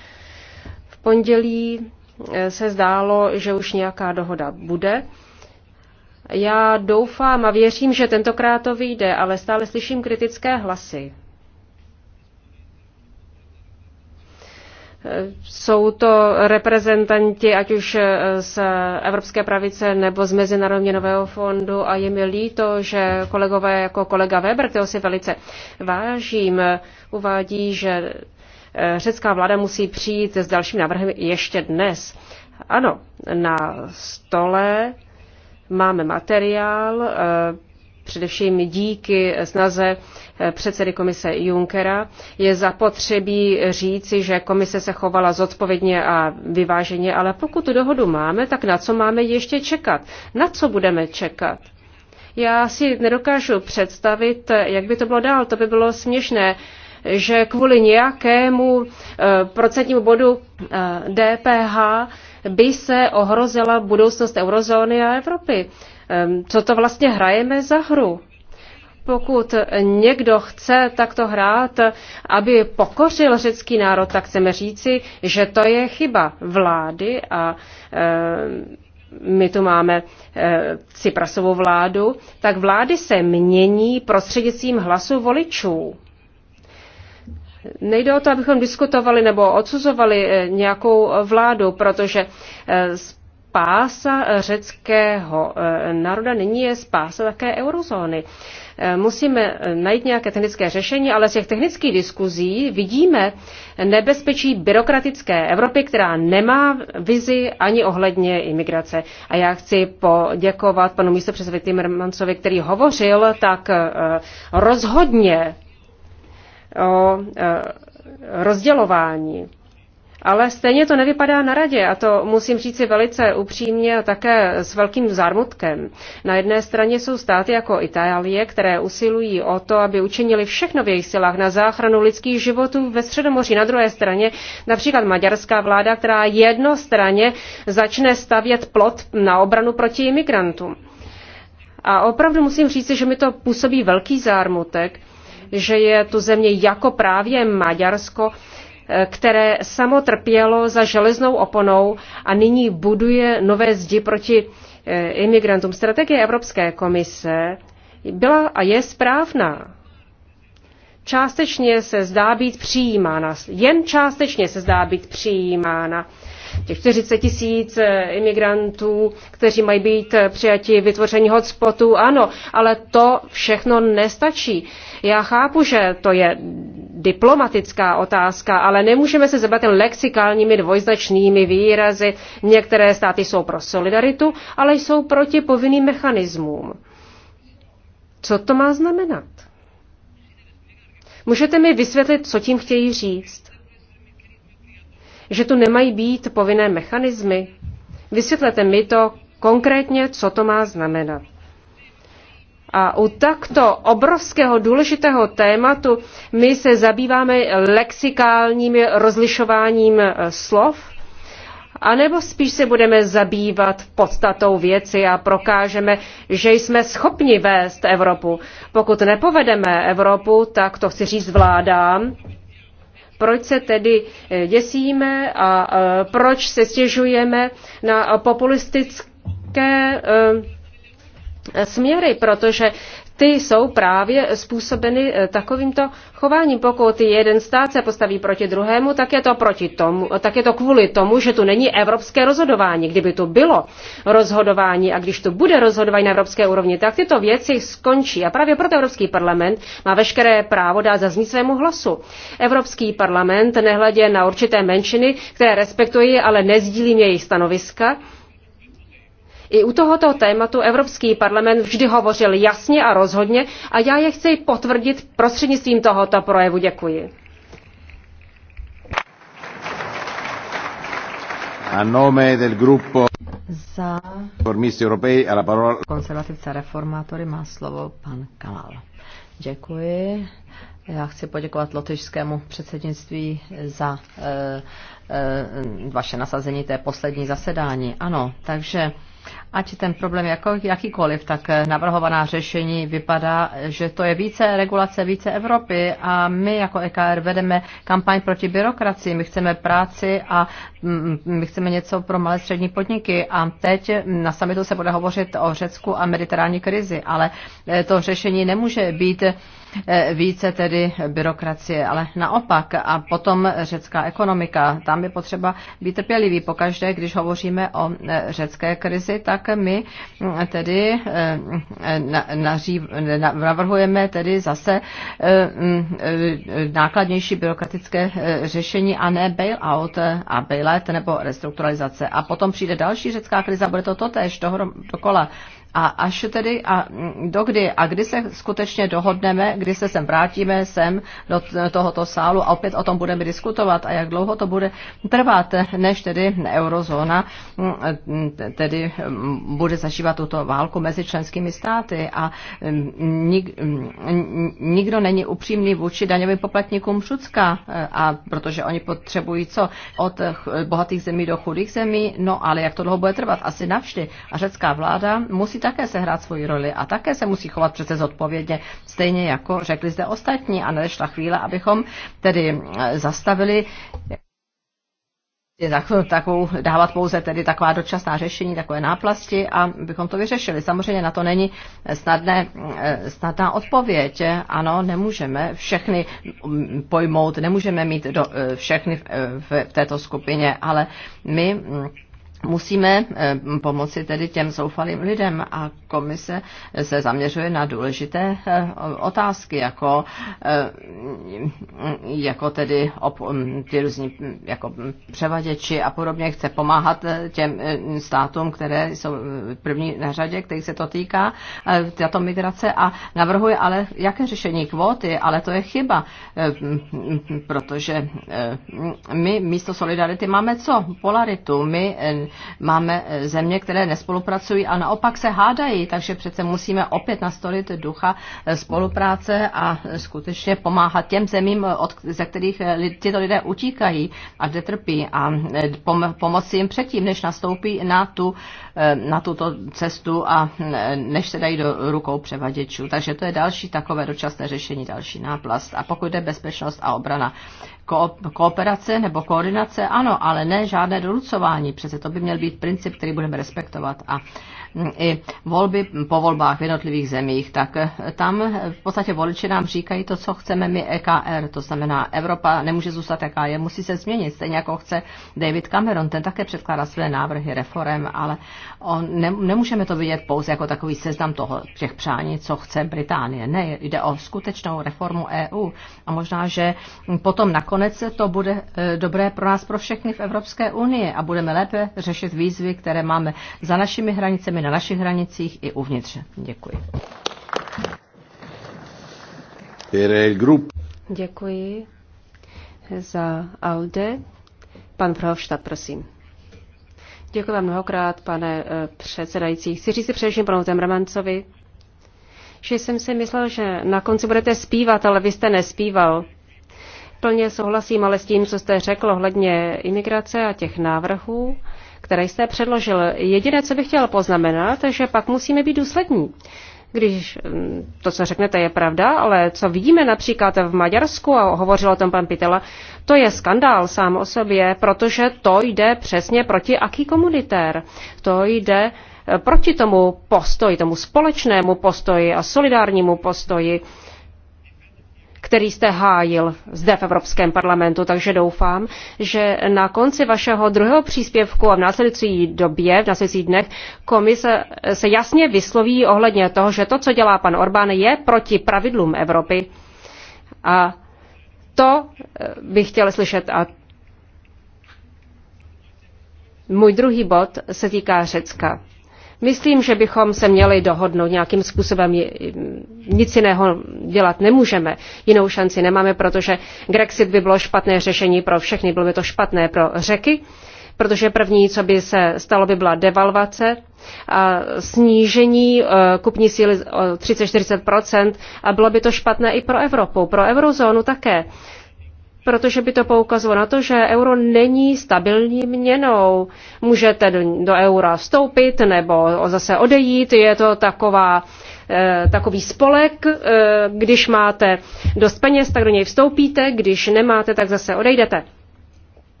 V pondělí eh, se zdálo, že už nějaká dohoda bude. Já doufám a věřím, že tentokrát to vyjde, ale stále slyším kritické hlasy. Jsou to reprezentanti ať už z Evropské pravice nebo z Mezinárodního nového fondu a je mi líto, že kolegové jako kolega Weber, kterého si velice vážím, uvádí, že eh, řecká vláda musí přijít s dalším návrhem ještě dnes. Ano, na stole máme materiál, eh, především díky snaze eh, předsedy komise Junckera, je zapotřebí říci, že komise se chovala zodpovědně a vyváženě, ale pokud tu dohodu máme, tak na co máme ještě čekat? Na co budeme čekat? Já si nedokážu představit, jak by to bylo dál. To by bylo směšné, že kvůli nějakému eh, procentnímu bodu DPH eh, by se ohrozila budoucnost eurozóny a Evropy. Ehm, co to vlastně hrajeme za hru. Pokud někdo chce takto hrát, aby pokořil řecký národ, tak chceme říci, že to je chyba vlády a ehm, my tu máme e, ehm, Ciprasovou vládu, tak vlády se mění prostřednictvím hlasu voličů. Nejde o to, abychom diskutovali nebo odsuzovali eh, nějakou eh, vládu, protože eh, Spása řeckého eh, národa, nyní je spása také eurozóny. Eh, musíme eh, najít nějaké technické řešení, ale z těch technických diskuzí vidíme nebezpečí byrokratické Evropy, která nemá vizi ani ohledně imigrace. A já chci poděkovat panu místopředsedovi Timmermansovi, který hovořil tak rozhodně o rozdělování ale stejně to nevypadá na radě a to musím říci velice upřímně a také s velkým zármutkem. Na jedné straně jsou státy jako Itálie, které usilují o to, aby učinili všechno v jejich silách na záchranu lidských životů ve Středomoří. Na druhé straně například maďarská vláda, která jednostranně začne stavět plot na obranu proti imigrantům. A opravdu musím říci, že mi to působí velký zármutek, že je tu země jako právě Maďarsko, které samo trpělo za železnou oponou a nyní buduje nové zdi proti eh, imigrantům. Strategie Evropské komise byla a je správná částečně se zdá být přijímána. Jen částečně se zdá být přijímána. Těch 40 tisíc eh, imigrantů, kteří mají být eh, přijati vytvoření hotspotu, ano, ale to všechno nestačí. Já chápu, že to je diplomatická otázka, ale nemůžeme se zabývat lexikálními dvojznačnými výrazy. Některé státy jsou pro solidaritu, ale jsou proti povinným mechanismům. Co to má znamenat? Můžete mi vysvětlit, co tím chtějí říct? Že tu nemají být povinné mechanismy? Vysvětlete mi to konkrétně, co to má znamenat. A u takto obrovského důležitého tématu my se zabýváme lexikálním rozlišováním eh, slov, Anebo spíš se budeme zabývat podstatou věci a prokážeme, že jsme schopni vést Evropu. Pokud nepovedeme Evropu, tak to chci říct vládám, proč se tedy eh, děsíme a eh, proč se stěžujeme na populistické eh, směry, protože ty jsou právě způsobeny eh, takovýmto chováním. Pokud jeden stát se postaví proti druhému, tak je to, proti tomu, tak je to kvůli tomu, že tu není evropské rozhodování. Kdyby tu bylo rozhodování a když tu bude rozhodování na evropské úrovni, tak tyto věci skončí. A právě proto Evropský parlament má veškeré právo dát zaznít svému hlasu. Evropský parlament nehledě na určité menšiny, které respektují, ale nezdílím jejich stanoviska, i u tohoto tématu Evropský parlament vždy hovořil jasně a rozhodně a já je chci potvrdit prostřednictvím tohoto projevu. Děkuji. A nome del gruppo za reformisti europei alla parola konzervativce reformátory má slovo pan Kalal. Děkuji. Já chci poděkovat lotyšskému předsednictví za e, e, vaše nasazení té poslední zasedání. Ano, takže ať ten problém jako jakýkoliv, tak navrhovaná řešení vypadá, že to je více regulace, více Evropy a my jako EKR vedeme kampaň proti byrokracii, my chceme práci a mm, my chceme něco pro malé střední podniky a teď na samitu se bude hovořit o Řecku a mediterální krizi, ale to řešení nemůže být Eh, více tedy byrokracie, ale naopak. A potom řecká ekonomika. Tam je potřeba být trpělivý. Pokaždé, když hovoříme o eh, řecké krizi, tak my hm, tedy eh, navrhujeme tedy zase hm, nákladnější byrokratické řešení a ne bailout a bailet nebo restrukturalizace. A potom přijde další řecká krize a bude to totéž dokola. A až tedy, a dokdy, a kdy se skutečně dohodneme, kdy se sem vrátíme sem do tohoto sálu a opět o tom budeme diskutovat a jak dlouho to bude trvat, než tedy eurozóna mm, tedy mm, bude zažívat tuto válku mezi členskými státy a mm, nik, nikdo není upřímný vůči daňovým poplatníkům Šucka, a protože oni potřebují co? Od bohatých zemí do chudých zemí, no ale jak to dlouho bude trvat? Asi navždy. A řecká vláda musí také sehrát svoji roli a také se musí chovat přece zodpovědně, stejně jako řekli zde ostatní a nadešla chvíle, abychom tedy eh, zastavili takovou, dávat pouze tedy taková dočasná řešení, takové náplasti a bychom to vyřešili. Samozřejmě na to není snadné, eh, snadná odpověď. Ano, nemůžeme všechny mm, pojmout, nemůžeme mít do, eh, všechny v, v této skupině, ale my mm, musíme eh, pomoci tedy těm zoufalým lidem a komise se zaměřuje na důležité eh, otázky, jako, eh, jako tedy op, ty různí jako převaděči a podobně. Chce pomáhat těm státům, které jsou první na řadě, kterých se to týká, tato migrace a navrhuje ale jaké řešení kvóty, ale to je chyba, protože my místo solidarity máme co? Polaritu. My Máme eh, země, které nespolupracují a naopak se hádají, takže přece musíme opět nastolit ducha eh, spolupráce a eh, skutečně pomáhat těm zemím, od, ze kterých tyto lidé utíkají a kde trpí a pom, pomoci jim předtím, než nastoupí na, tu, na tuto cestu a než se dají do rukou převaděčů. Takže to je další takové dočasné řešení, další náplast. A pokud jde bezpečnost a obrana, ko, kooperace nebo koordinace, ano, ale ne žádné dolucování, přece to by měl být princip, který budeme respektovat. A i volby po volbách v jednotlivých zemích, tak eh, tam v podstatě voliči nám říkají to, co chceme my EKR, to znamená Evropa nemůže zůstat jaká je, musí se změnit, stejně jako chce David Cameron, ten také předkládá své návrhy reform, ale on, ne, nemůžeme to vidět pouze jako takový seznam toho, těch přání, co chce Británie. Ne, jde o skutečnou reformu EU a možná, že potom nakonec to bude eh, dobré pro nás, pro všechny v Evropské unii a budeme lépe řešit výzvy, které máme za našimi hranicemi na našich hranicích i uvnitř. Děkuji. Děkuji za Aude. Pan Prohovštat, prosím. Děkuji vám mnohokrát, pane eh, předsedající. Chci říct si především panu Zemramancovi, že jsem si myslel, že na konci budete zpívat, ale vy jste nespíval. Plně souhlasím ale s tím, co jste řekl ohledně imigrace a těch návrhů které jste předložil. Jediné, co bych chtěl poznamenat, že pak musíme být důslední. Když mm, to, co řeknete, je pravda, ale co vidíme například v Maďarsku, a hovořil o tom pan Pitela, to je skandál sám o sobě, protože to jde přesně proti aký komunitér. To jde eh, proti tomu postoji, tomu společnému postoji a solidárnímu postoji který jste hájil zde v Evropském parlamentu. Takže doufám, že na konci vašeho druhého příspěvku a v následující době, v následujících dnech, komise se jasně vysloví ohledně toho, že to, co dělá pan Orbán, je proti pravidlům Evropy. A to eh, bych chtěl slyšet. A můj druhý bod se týká Řecka. Myslím, že bychom se měli dohodnout nějakým způsobem. Nic jiného dělat nemůžeme. Jinou šanci nemáme, protože Grexit by bylo špatné řešení pro všechny. Bylo by to špatné pro řeky, protože první, co by se stalo, by byla devalvace a snížení eh, kupní síly o 30-40% a bylo by to špatné i pro Evropu, pro eurozónu také protože by to poukazovalo na to, že euro není stabilní měnou. Můžete do eura vstoupit nebo zase odejít, je to taková eh, takový spolek, eh, když máte dost peněz, tak do něj vstoupíte, když nemáte, tak zase odejdete.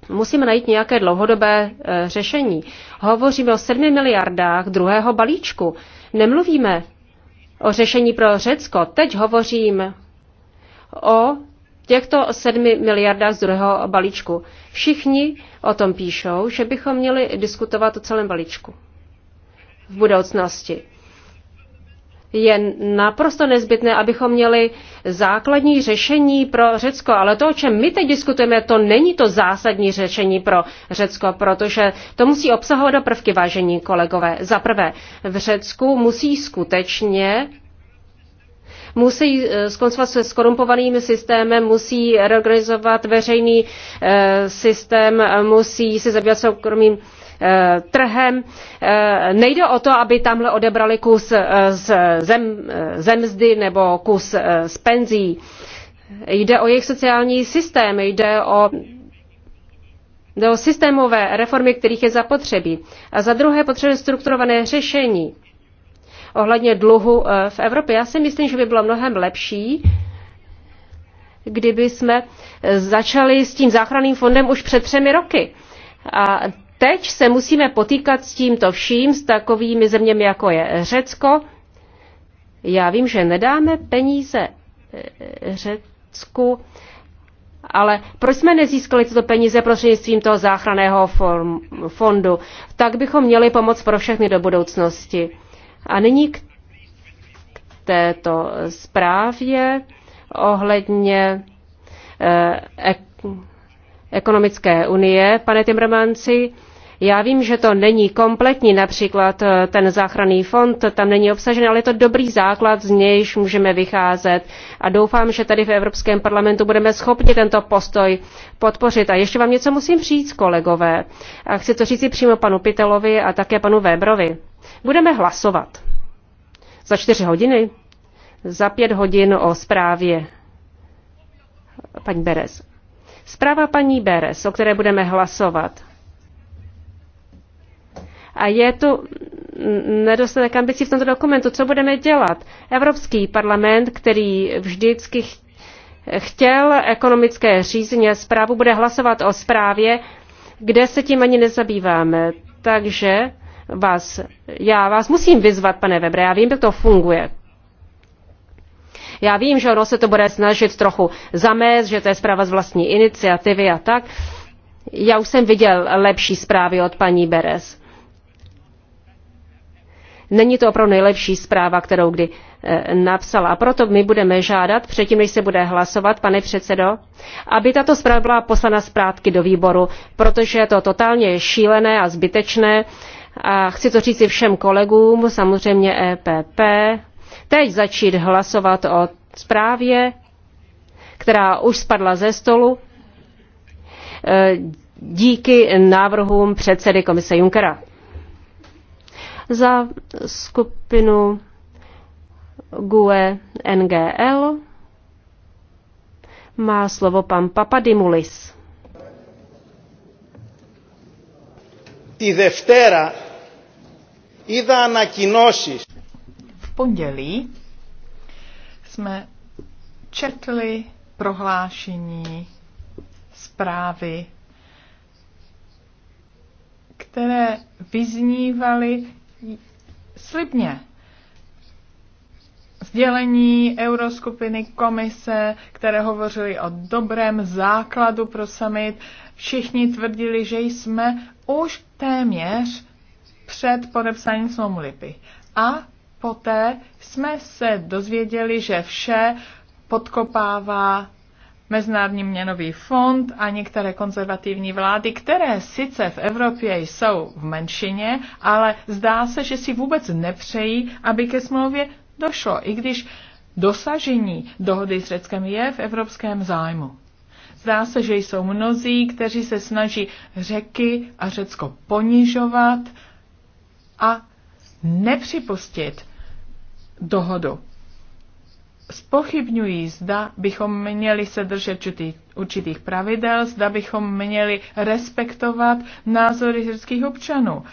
Musíme najít nějaké dlouhodobé eh, řešení. Hovoříme o 7 miliardách druhého balíčku. Nemluvíme o řešení pro Řecko. Teď hovořím o těchto sedmi miliardách z druhého balíčku. Všichni o tom píšou, že bychom měli diskutovat o celém balíčku v budoucnosti. Je naprosto nezbytné, abychom měli základní řešení pro Řecko, ale to, o čem my teď diskutujeme, to není to zásadní řešení pro Řecko, protože to musí obsahovat prvky, vážení kolegové. Za prvé, v Řecku musí skutečně musí eh, skoncovat se skorumpovaným systémem, musí reorganizovat veřejný eh, systém, musí se zabývat soukromým eh, trhem. Nejde o to, aby tamhle odebrali kus z zem, zemzdy nebo kus z penzí. Jde o jejich sociální systém, jde o jde o systémové reformy, kterých je zapotřebí. A za druhé potřebuje strukturované řešení ohledně dluhu eh, v Evropě. Já si myslím, že by bylo mnohem lepší, kdyby jsme eh, začali s tím záchranným fondem už před třemi roky. A teď se musíme potýkat s tímto vším, s takovými zeměmi, jako je Řecko. Já vím, že nedáme peníze eh, Řecku, ale proč jsme nezískali tyto peníze prostřednictvím toho záchranného fondu? Tak bychom měli pomoc pro všechny do budoucnosti. A nyní k této zprávě ohledně eh, ekonomické unie. Pane Timmermansi, já vím, že to není kompletní, například eh, ten záchranný fond tam není obsažen, ale je to dobrý základ, z nějž můžeme vycházet. A doufám, že tady v Evropském parlamentu budeme schopni tento postoj podpořit. A ještě vám něco musím říct, kolegové. A chci to říct i přímo panu Pitelovi a také panu Weberovi. Budeme hlasovat za čtyři hodiny, za pět hodin o zprávě paní Beres. Zpráva paní Beres, o které budeme hlasovat. A je tu nedostatek ambicí v tomto dokumentu. Co budeme dělat? Evropský parlament, který vždycky chtěl ekonomické řízení a zprávu, bude hlasovat o zprávě, kde se tím ani nezabýváme. Takže vás, já vás musím vyzvat, pane Webre, já vím, jak to funguje. Já vím, že ono se to bude snažit trochu zamést, že to je zpráva z vlastní iniciativy a tak. Já už jsem viděl lepší zprávy od paní Beres. Není to opravdu nejlepší zpráva, kterou kdy eh, napsala. A proto my budeme žádat, předtím, než se bude hlasovat, pane předsedo, aby tato zpráva byla poslana zpátky do výboru, protože je to totálně šílené a zbytečné a chci to říct i všem kolegům, samozřejmě EPP, teď začít hlasovat o zprávě, která už spadla ze stolu e, díky návrhům předsedy komise Junckera. Za skupinu GUE NGL má slovo pan Papadimulis. Τη Δευτέρα είδα ανακοινώσεις. V pondělí jsme četli prohlášení zprávy, které vyznívaly slibně. Sdělení Euroskupiny komise, které hovořili o dobrém základu pro summit, všichni tvrdili, že jsme už téměř před podepsáním smlouvy. A poté jsme se dozvěděli, že vše podkopává Mezinárodní měnový fond a některé konzervativní vlády, které sice v Evropě jsou v menšině, ale zdá se, že si vůbec nepřejí, aby ke smlouvě došlo, i když dosažení dohody s Řeckem je v evropském zájmu. Zdá se, že jsou mnozí, kteří se snaží řeky a Řecko ponižovat a nepřipustit dohodu. Spochybňují, zda bychom měli se držet určitých, pravidel, zda bychom měli respektovat názory řeckých občanů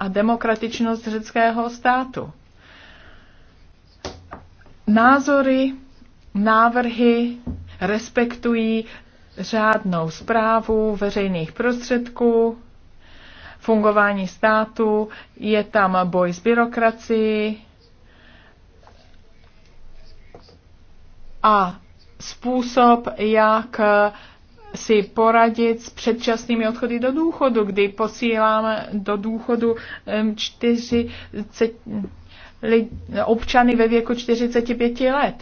a demokratičnost řeckého státu. Názory, návrhy respektují řádnou zprávu veřejných prostředků, fungování státu, je tam boj s byrokracií a způsob, jak si poradit s předčasnými odchody do důchodu, kdy posíláme do důchodu čtyři občany ve věku 45 let.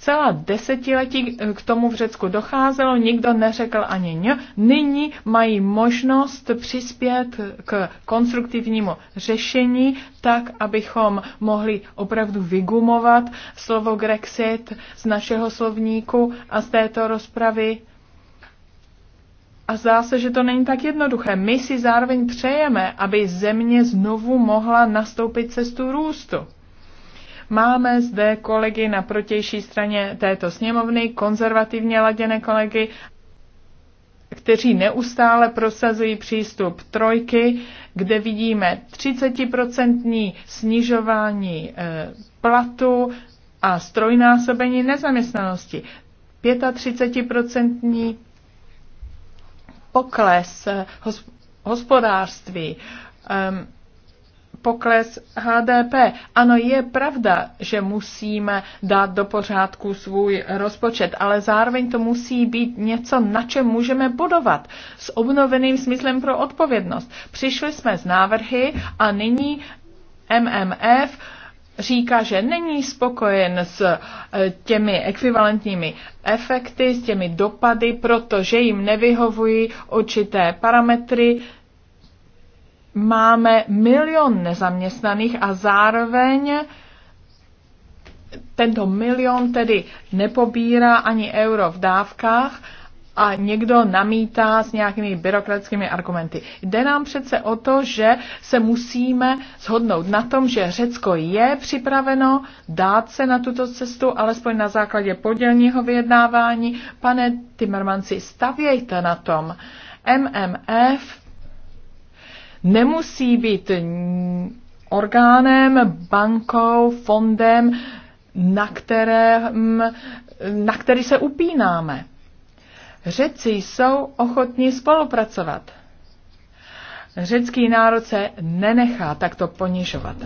Celá desetiletí k tomu v Řecku docházelo, nikdo neřekl ani ně. Nyní mají možnost přispět k konstruktivnímu řešení, tak, abychom mohli opravdu vygumovat slovo Grexit z našeho slovníku a z této rozpravy. A zdá se, že to není tak jednoduché. My si zároveň přejeme, aby země znovu mohla nastoupit cestu růstu. Máme zde kolegy na protější straně této sněmovny, konzervativně laděné kolegy, kteří neustále prosazují přístup trojky, kde vidíme 30% snižování eh, platu a strojnásobení nezaměstnanosti, 35% pokles eh, hospodářství, ehm, pokles HDP. Ano, je pravda, že musíme dát do pořádku svůj rozpočet, ale zároveň to musí být něco, na čem můžeme budovat s obnoveným smyslem pro odpovědnost. Přišli jsme z návrhy a nyní MMF říká, že není spokojen s eh, těmi ekvivalentními efekty, s těmi dopady, protože jim nevyhovují určité parametry, máme milion nezaměstnaných a zároveň tento milion tedy nepobírá ani euro v dávkách a někdo namítá s nějakými byrokratickými argumenty. Jde nám přece o to, že se musíme shodnout na tom, že Řecko je připraveno dát se na tuto cestu, alespoň na základě podělního vyjednávání. Pane Timmermansi, stavějte na tom. MMF nemusí být orgánem, bankou, fondem, na, které, na který se upínáme. Řeci jsou ochotní spolupracovat. Řecký národ se nenechá takto ponižovat.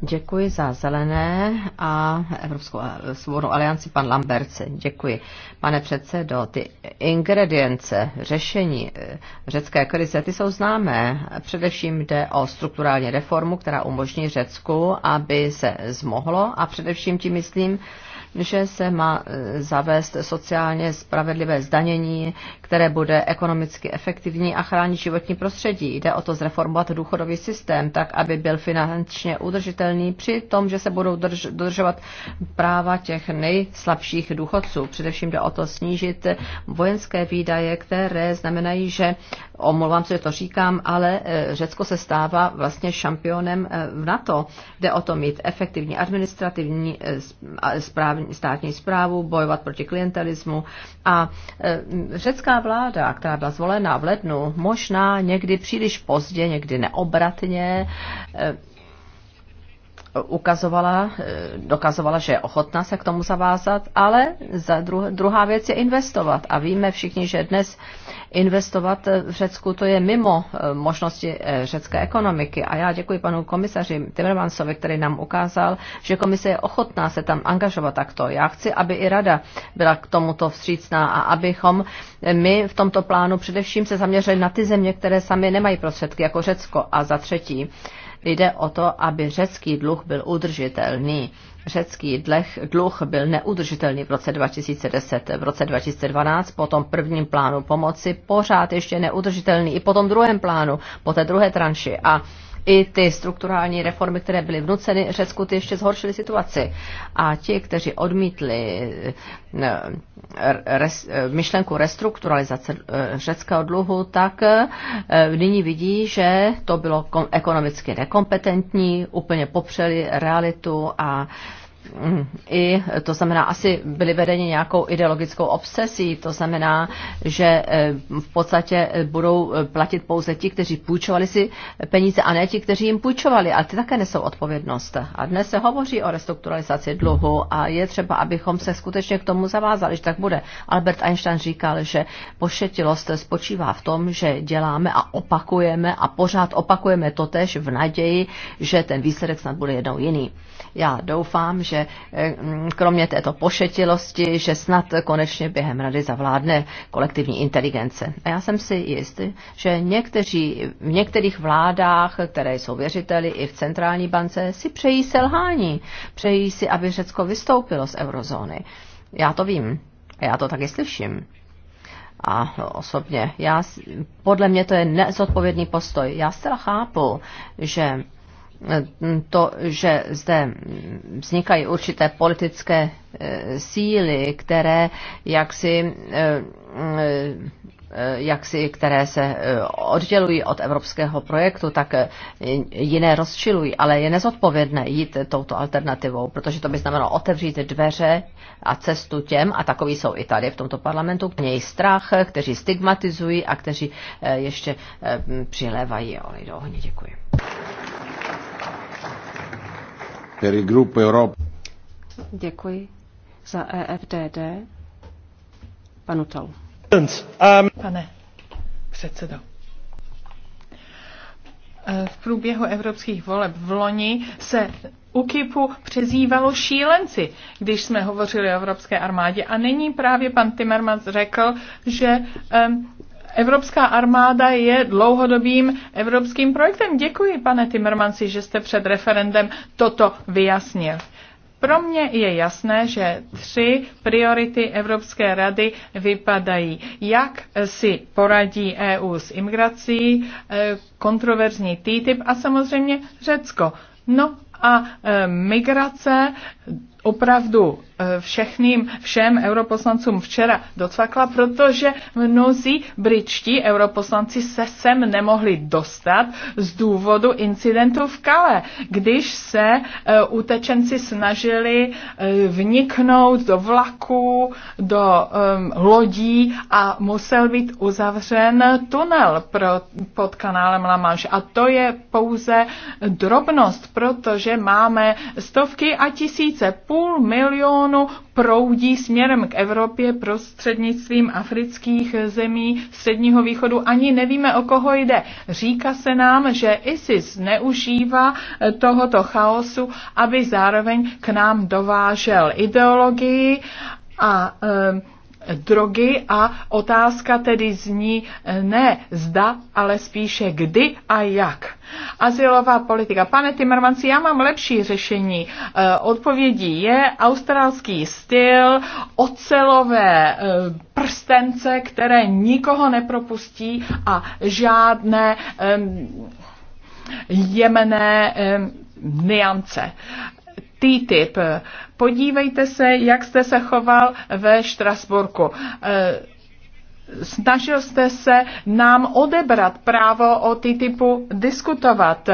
Děkuji za zelené a Evropskou eh, svobodnou alianci pan Lamberce. Děkuji. Pane předsedo, ty ingredience řešení eh, řecké krize, ty jsou známé. Především jde o strukturální reformu, která umožní Řecku, aby se zmohlo a především tím myslím, že se má e, zavést sociálně spravedlivé zdanění, které bude ekonomicky efektivní a chrání životní prostředí. Jde o to zreformovat důchodový systém tak, aby byl finančně udržitelný při tom, že se budou drž- dodržovat práva těch nejslabších důchodců. Především jde o to snížit vojenské výdaje, které znamenají, že omlouvám se, že to říkám, ale eh, Řecko se stává vlastně šampionem eh, v NATO. Jde o to mít efektivní administrativní eh, správní, státní zprávu, bojovat proti klientelismu a řecká vláda, která byla zvolena v lednu, možná někdy příliš pozdě, někdy neobratně, ukazovala, eh, dokazovala, že je ochotná se k tomu zavázat, ale za druh- druhá věc je investovat. A víme všichni, že dnes investovat v Řecku to je mimo eh, možnosti eh, řecké ekonomiky. A já děkuji panu komisaři Timmermansovi, který nám ukázal, že komise je ochotná se tam angažovat takto. Já chci, aby i rada byla k tomuto vstřícná a abychom my v tomto plánu především se zaměřili na ty země, které sami nemají prostředky, jako Řecko. A za třetí, Jde o to, aby řecký dluh byl udržitelný. Řecký dluh byl neudržitelný v roce 2010. V roce 2012 po tom prvním plánu pomoci pořád ještě neudržitelný i po tom druhém plánu, po té druhé tranši. A i ty strukturální reformy, které byly vnuceny Řecku, ty ještě zhoršily situaci. A ti, kteří odmítli eh, res, eh, myšlenku restrukturalizace eh, řeckého dluhu, tak nyní vidí, že to bylo ekonomicky nekompetentní, úplně popřeli realitu a Mm, i, to znamená, asi byli vedeni nějakou ideologickou obsesí, to znamená, že eh, v podstatě eh, budou eh, platit pouze ti, kteří půjčovali si peníze a ne ti, kteří jim půjčovali, ale ty také nesou odpovědnost. A dnes se hovoří o restrukturalizaci dluhu a je třeba, abychom se skutečně k tomu zavázali, že tak bude. Albert Einstein říkal, že pošetilost spočívá v tom, že děláme a opakujeme a pořád opakujeme totež v naději, že ten výsledek snad bude jednou jiný. Já doufám, že že eh, mm, kromě této pošetilosti, že snad konečně během rady zavládne kolektivní inteligence. A já jsem si jistý, že někteří, v některých vládách, které jsou věřiteli i v centrální bance, si přejí selhání. Přejí si, aby Řecko vystoupilo z eurozóny. Já to vím. A já to taky slyším a osobně. Já, podle mě to je nezodpovědný postoj. Já zcela chápu, že to, že zde vznikají určité politické e, síly, které jaksi, e, e, jaksi které se oddělují od evropského projektu, tak jiné rozčilují, ale je nezodpovědné jít touto alternativou, protože to by znamenalo otevřít dveře a cestu těm, a takový jsou i tady v tomto parlamentu, mějí strach, kteří stigmatizují a kteří ještě přilévají olej do ohně. Děkuji. Děkuji za EFDD. Panu Talu. Um, Pane předsedo. Eh, v průběhu evropských voleb v loni se UKIPu přezývalo šílenci, když jsme hovořili o evropské armádě. A nyní právě pan Timmermans řekl, že um, Evropská armáda je dlouhodobým evropským projektem. Děkuji, pane Timmermansi, že jste před referendem toto vyjasnil. Pro mě je jasné, že tři priority Evropské rady vypadají. Jak si poradí EU s imigrací, e, kontroverzní TTIP a samozřejmě Řecko. No a e, migrace, opravdu eh, všechným, všem europoslancům včera docvakla, protože mnozí britští europoslanci se sem nemohli dostat z důvodu incidentu v Kale, když se eh, utečenci snažili eh, vniknout do vlaku, do um, lodí a musel být uzavřen tunel pro, pod kanálem La Manche. A to je pouze drobnost, protože máme stovky a tisíce půl půl milionu proudí směrem k Evropě prostřednictvím afrických zemí Středního východu. Ani nevíme, o koho jde. Říká se nám, že ISIS neužívá eh, tohoto chaosu, aby zároveň k nám dovážel ideologii a e, drogy a otázka tedy zní eh, ne zda, ale spíše kdy a jak. Azylová politika. Pane Timmermansi, já mám lepší řešení. Eh, odpovědí je australský styl, ocelové eh, prstence, které nikoho nepropustí a žádné jemné niance. TTIP, Podívejte se, jak jste se choval ve Štrasburku. Eh, Snažil jste se nám odebrat právo o ty typu diskutovat.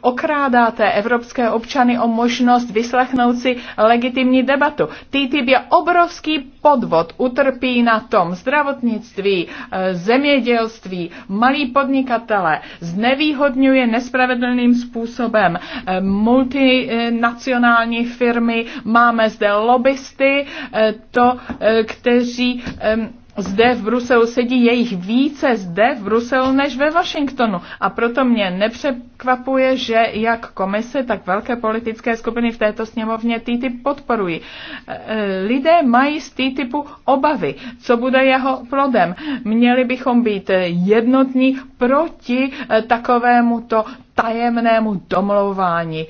Okrádáte evropské občany o možnost vyslechnout si legitimní debatu. TTIP je obrovský podvod, utrpí na tom zdravotnictví, eh, zemědělství, malí podnikatele, znevýhodňuje nespravedlným způsobem eh, multinacionální firmy, máme zde lobbysty, eh, to, kteří zde v Bruselu sedí jejich více zde v Bruselu než ve Washingtonu. A proto mě nepřekvapuje, že jak komise, tak velké politické skupiny v této sněmovně TTIP podporují. E, e, lidé mají z TTIPu obavy, co bude jeho plodem. Měli bychom být jednotní proti e, takovému to tajemnému domlouvání.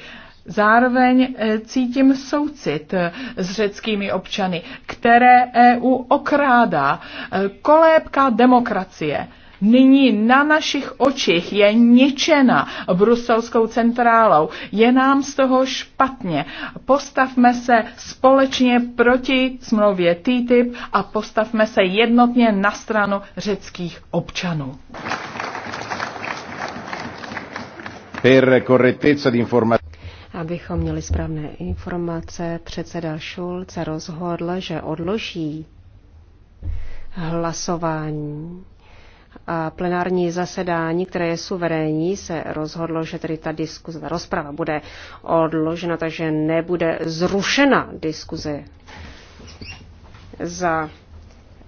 Zároveň eh, cítím soucit eh, s řeckými občany, které EU okrádá. Eh, kolébka demokracie nyní na našich očích je ničena bruselskou centrálou. Je nám z toho špatně. Postavme se společně proti smlouvě TTIP a postavme se jednotně na stranu řeckých občanů. Per correttezza di informazione abychom měli správné informace, předseda Šulce rozhodl, že odloží hlasování a plenární zasedání, které je suverénní, se rozhodlo, že tedy ta diskuze, ta rozprava bude odložena, takže nebude zrušena diskuze za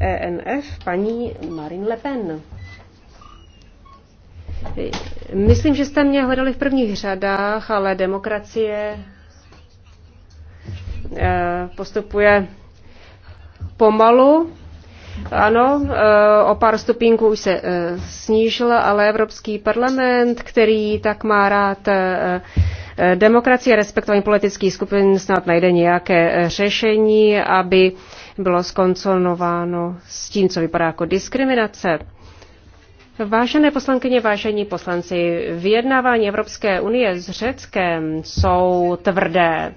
ENF paní Marine Le Pen. Myslím, že jste mě hledali v prvních řadách, ale demokracie eh, postupuje pomalu. Ano, eh, o pár stupínků už se eh, snížil, ale Evropský parlament, který tak má rád demokracie a respektování politických skupin, snad najde nějaké řešení, aby bylo skonconováno s tím, co vypadá jako diskriminace. Vážené poslankyně, vážení poslanci, vyjednávání Evropské unie s Řeckem jsou tvrdé.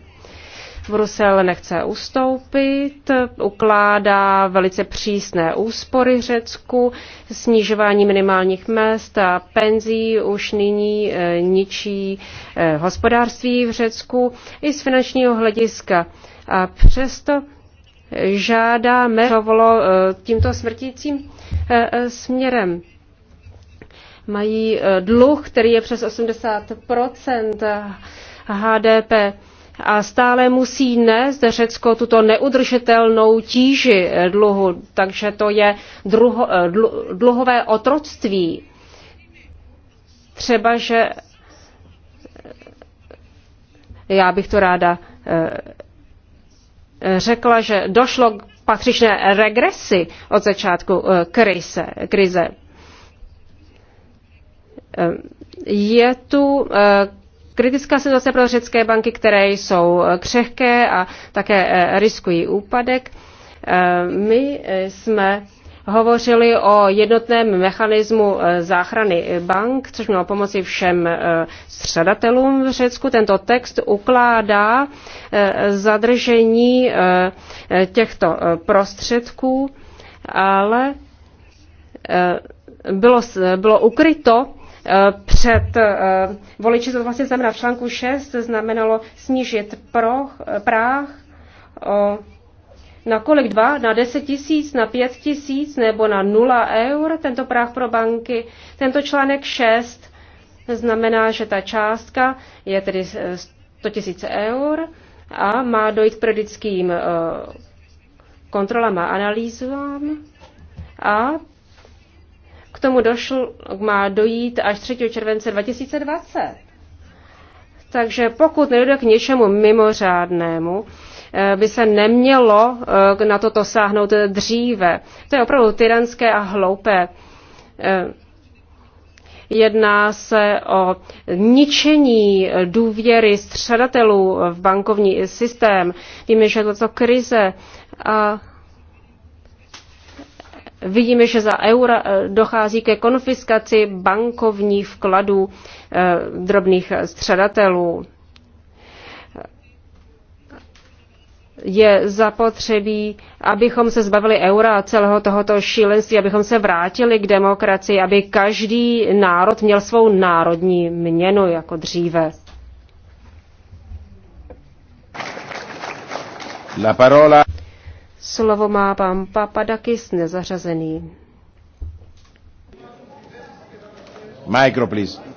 Brusel nechce ustoupit, ukládá velice přísné úspory Řecku, snižování minimálních mest a penzí už nyní eh, ničí eh, hospodářství v Řecku i z finančního hlediska. A přesto žádáme eh, tímto smrtícím směrem mají eh, dluh, který je přes 80 HDP a stále musí nést Řecko tuto neudržitelnou tíži eh, dluhu, takže to je druho, eh, dlu, dluhové otroctví. Třeba, že já bych to ráda řekla, že došlo k patřičné regresi od začátku krize. krize. Je tu eh, kritická situace pro řecké banky, které jsou eh, křehké a také eh, riskují úpadek. My jsme hovořili o jednotném mechanismu záchrany bank, což mělo pomoci všem středatelům v Řecku. Tento text ukládá zadržení těchto prostředků, ale bylo, bylo ukryto Eh, před eh, voliči, to vlastně znamená v článku 6, znamenalo snížit proh, eh, práh o na kolik dva? Na 10 tisíc, na 5 tisíc nebo na 0 eur tento práh pro banky. Tento článek 6 znamená, že ta částka je tedy 100 tisíc eur a má dojít k periodickým kontrolám a analýzám a k tomu došlo, má dojít až 3. července 2020. Takže pokud nedojde k něčemu mimořádnému, eh, by se nemělo eh, na toto sáhnout dříve. To je opravdu tyranské a hloupé. Eh, jedná se o ničení důvěry střadatelů v bankovní systém. Víme, že to krize a Vidíme, že za eura eh, dochází ke konfiskaci bankovních vkladů eh, drobných středatelů. Je zapotřebí, abychom se zbavili eura a celého tohoto šílenství, abychom se vrátili k demokracii, aby každý národ měl svou národní měnu jako dříve. La parola. Slovo má pan Papadakis, nezařazený. Micro, please.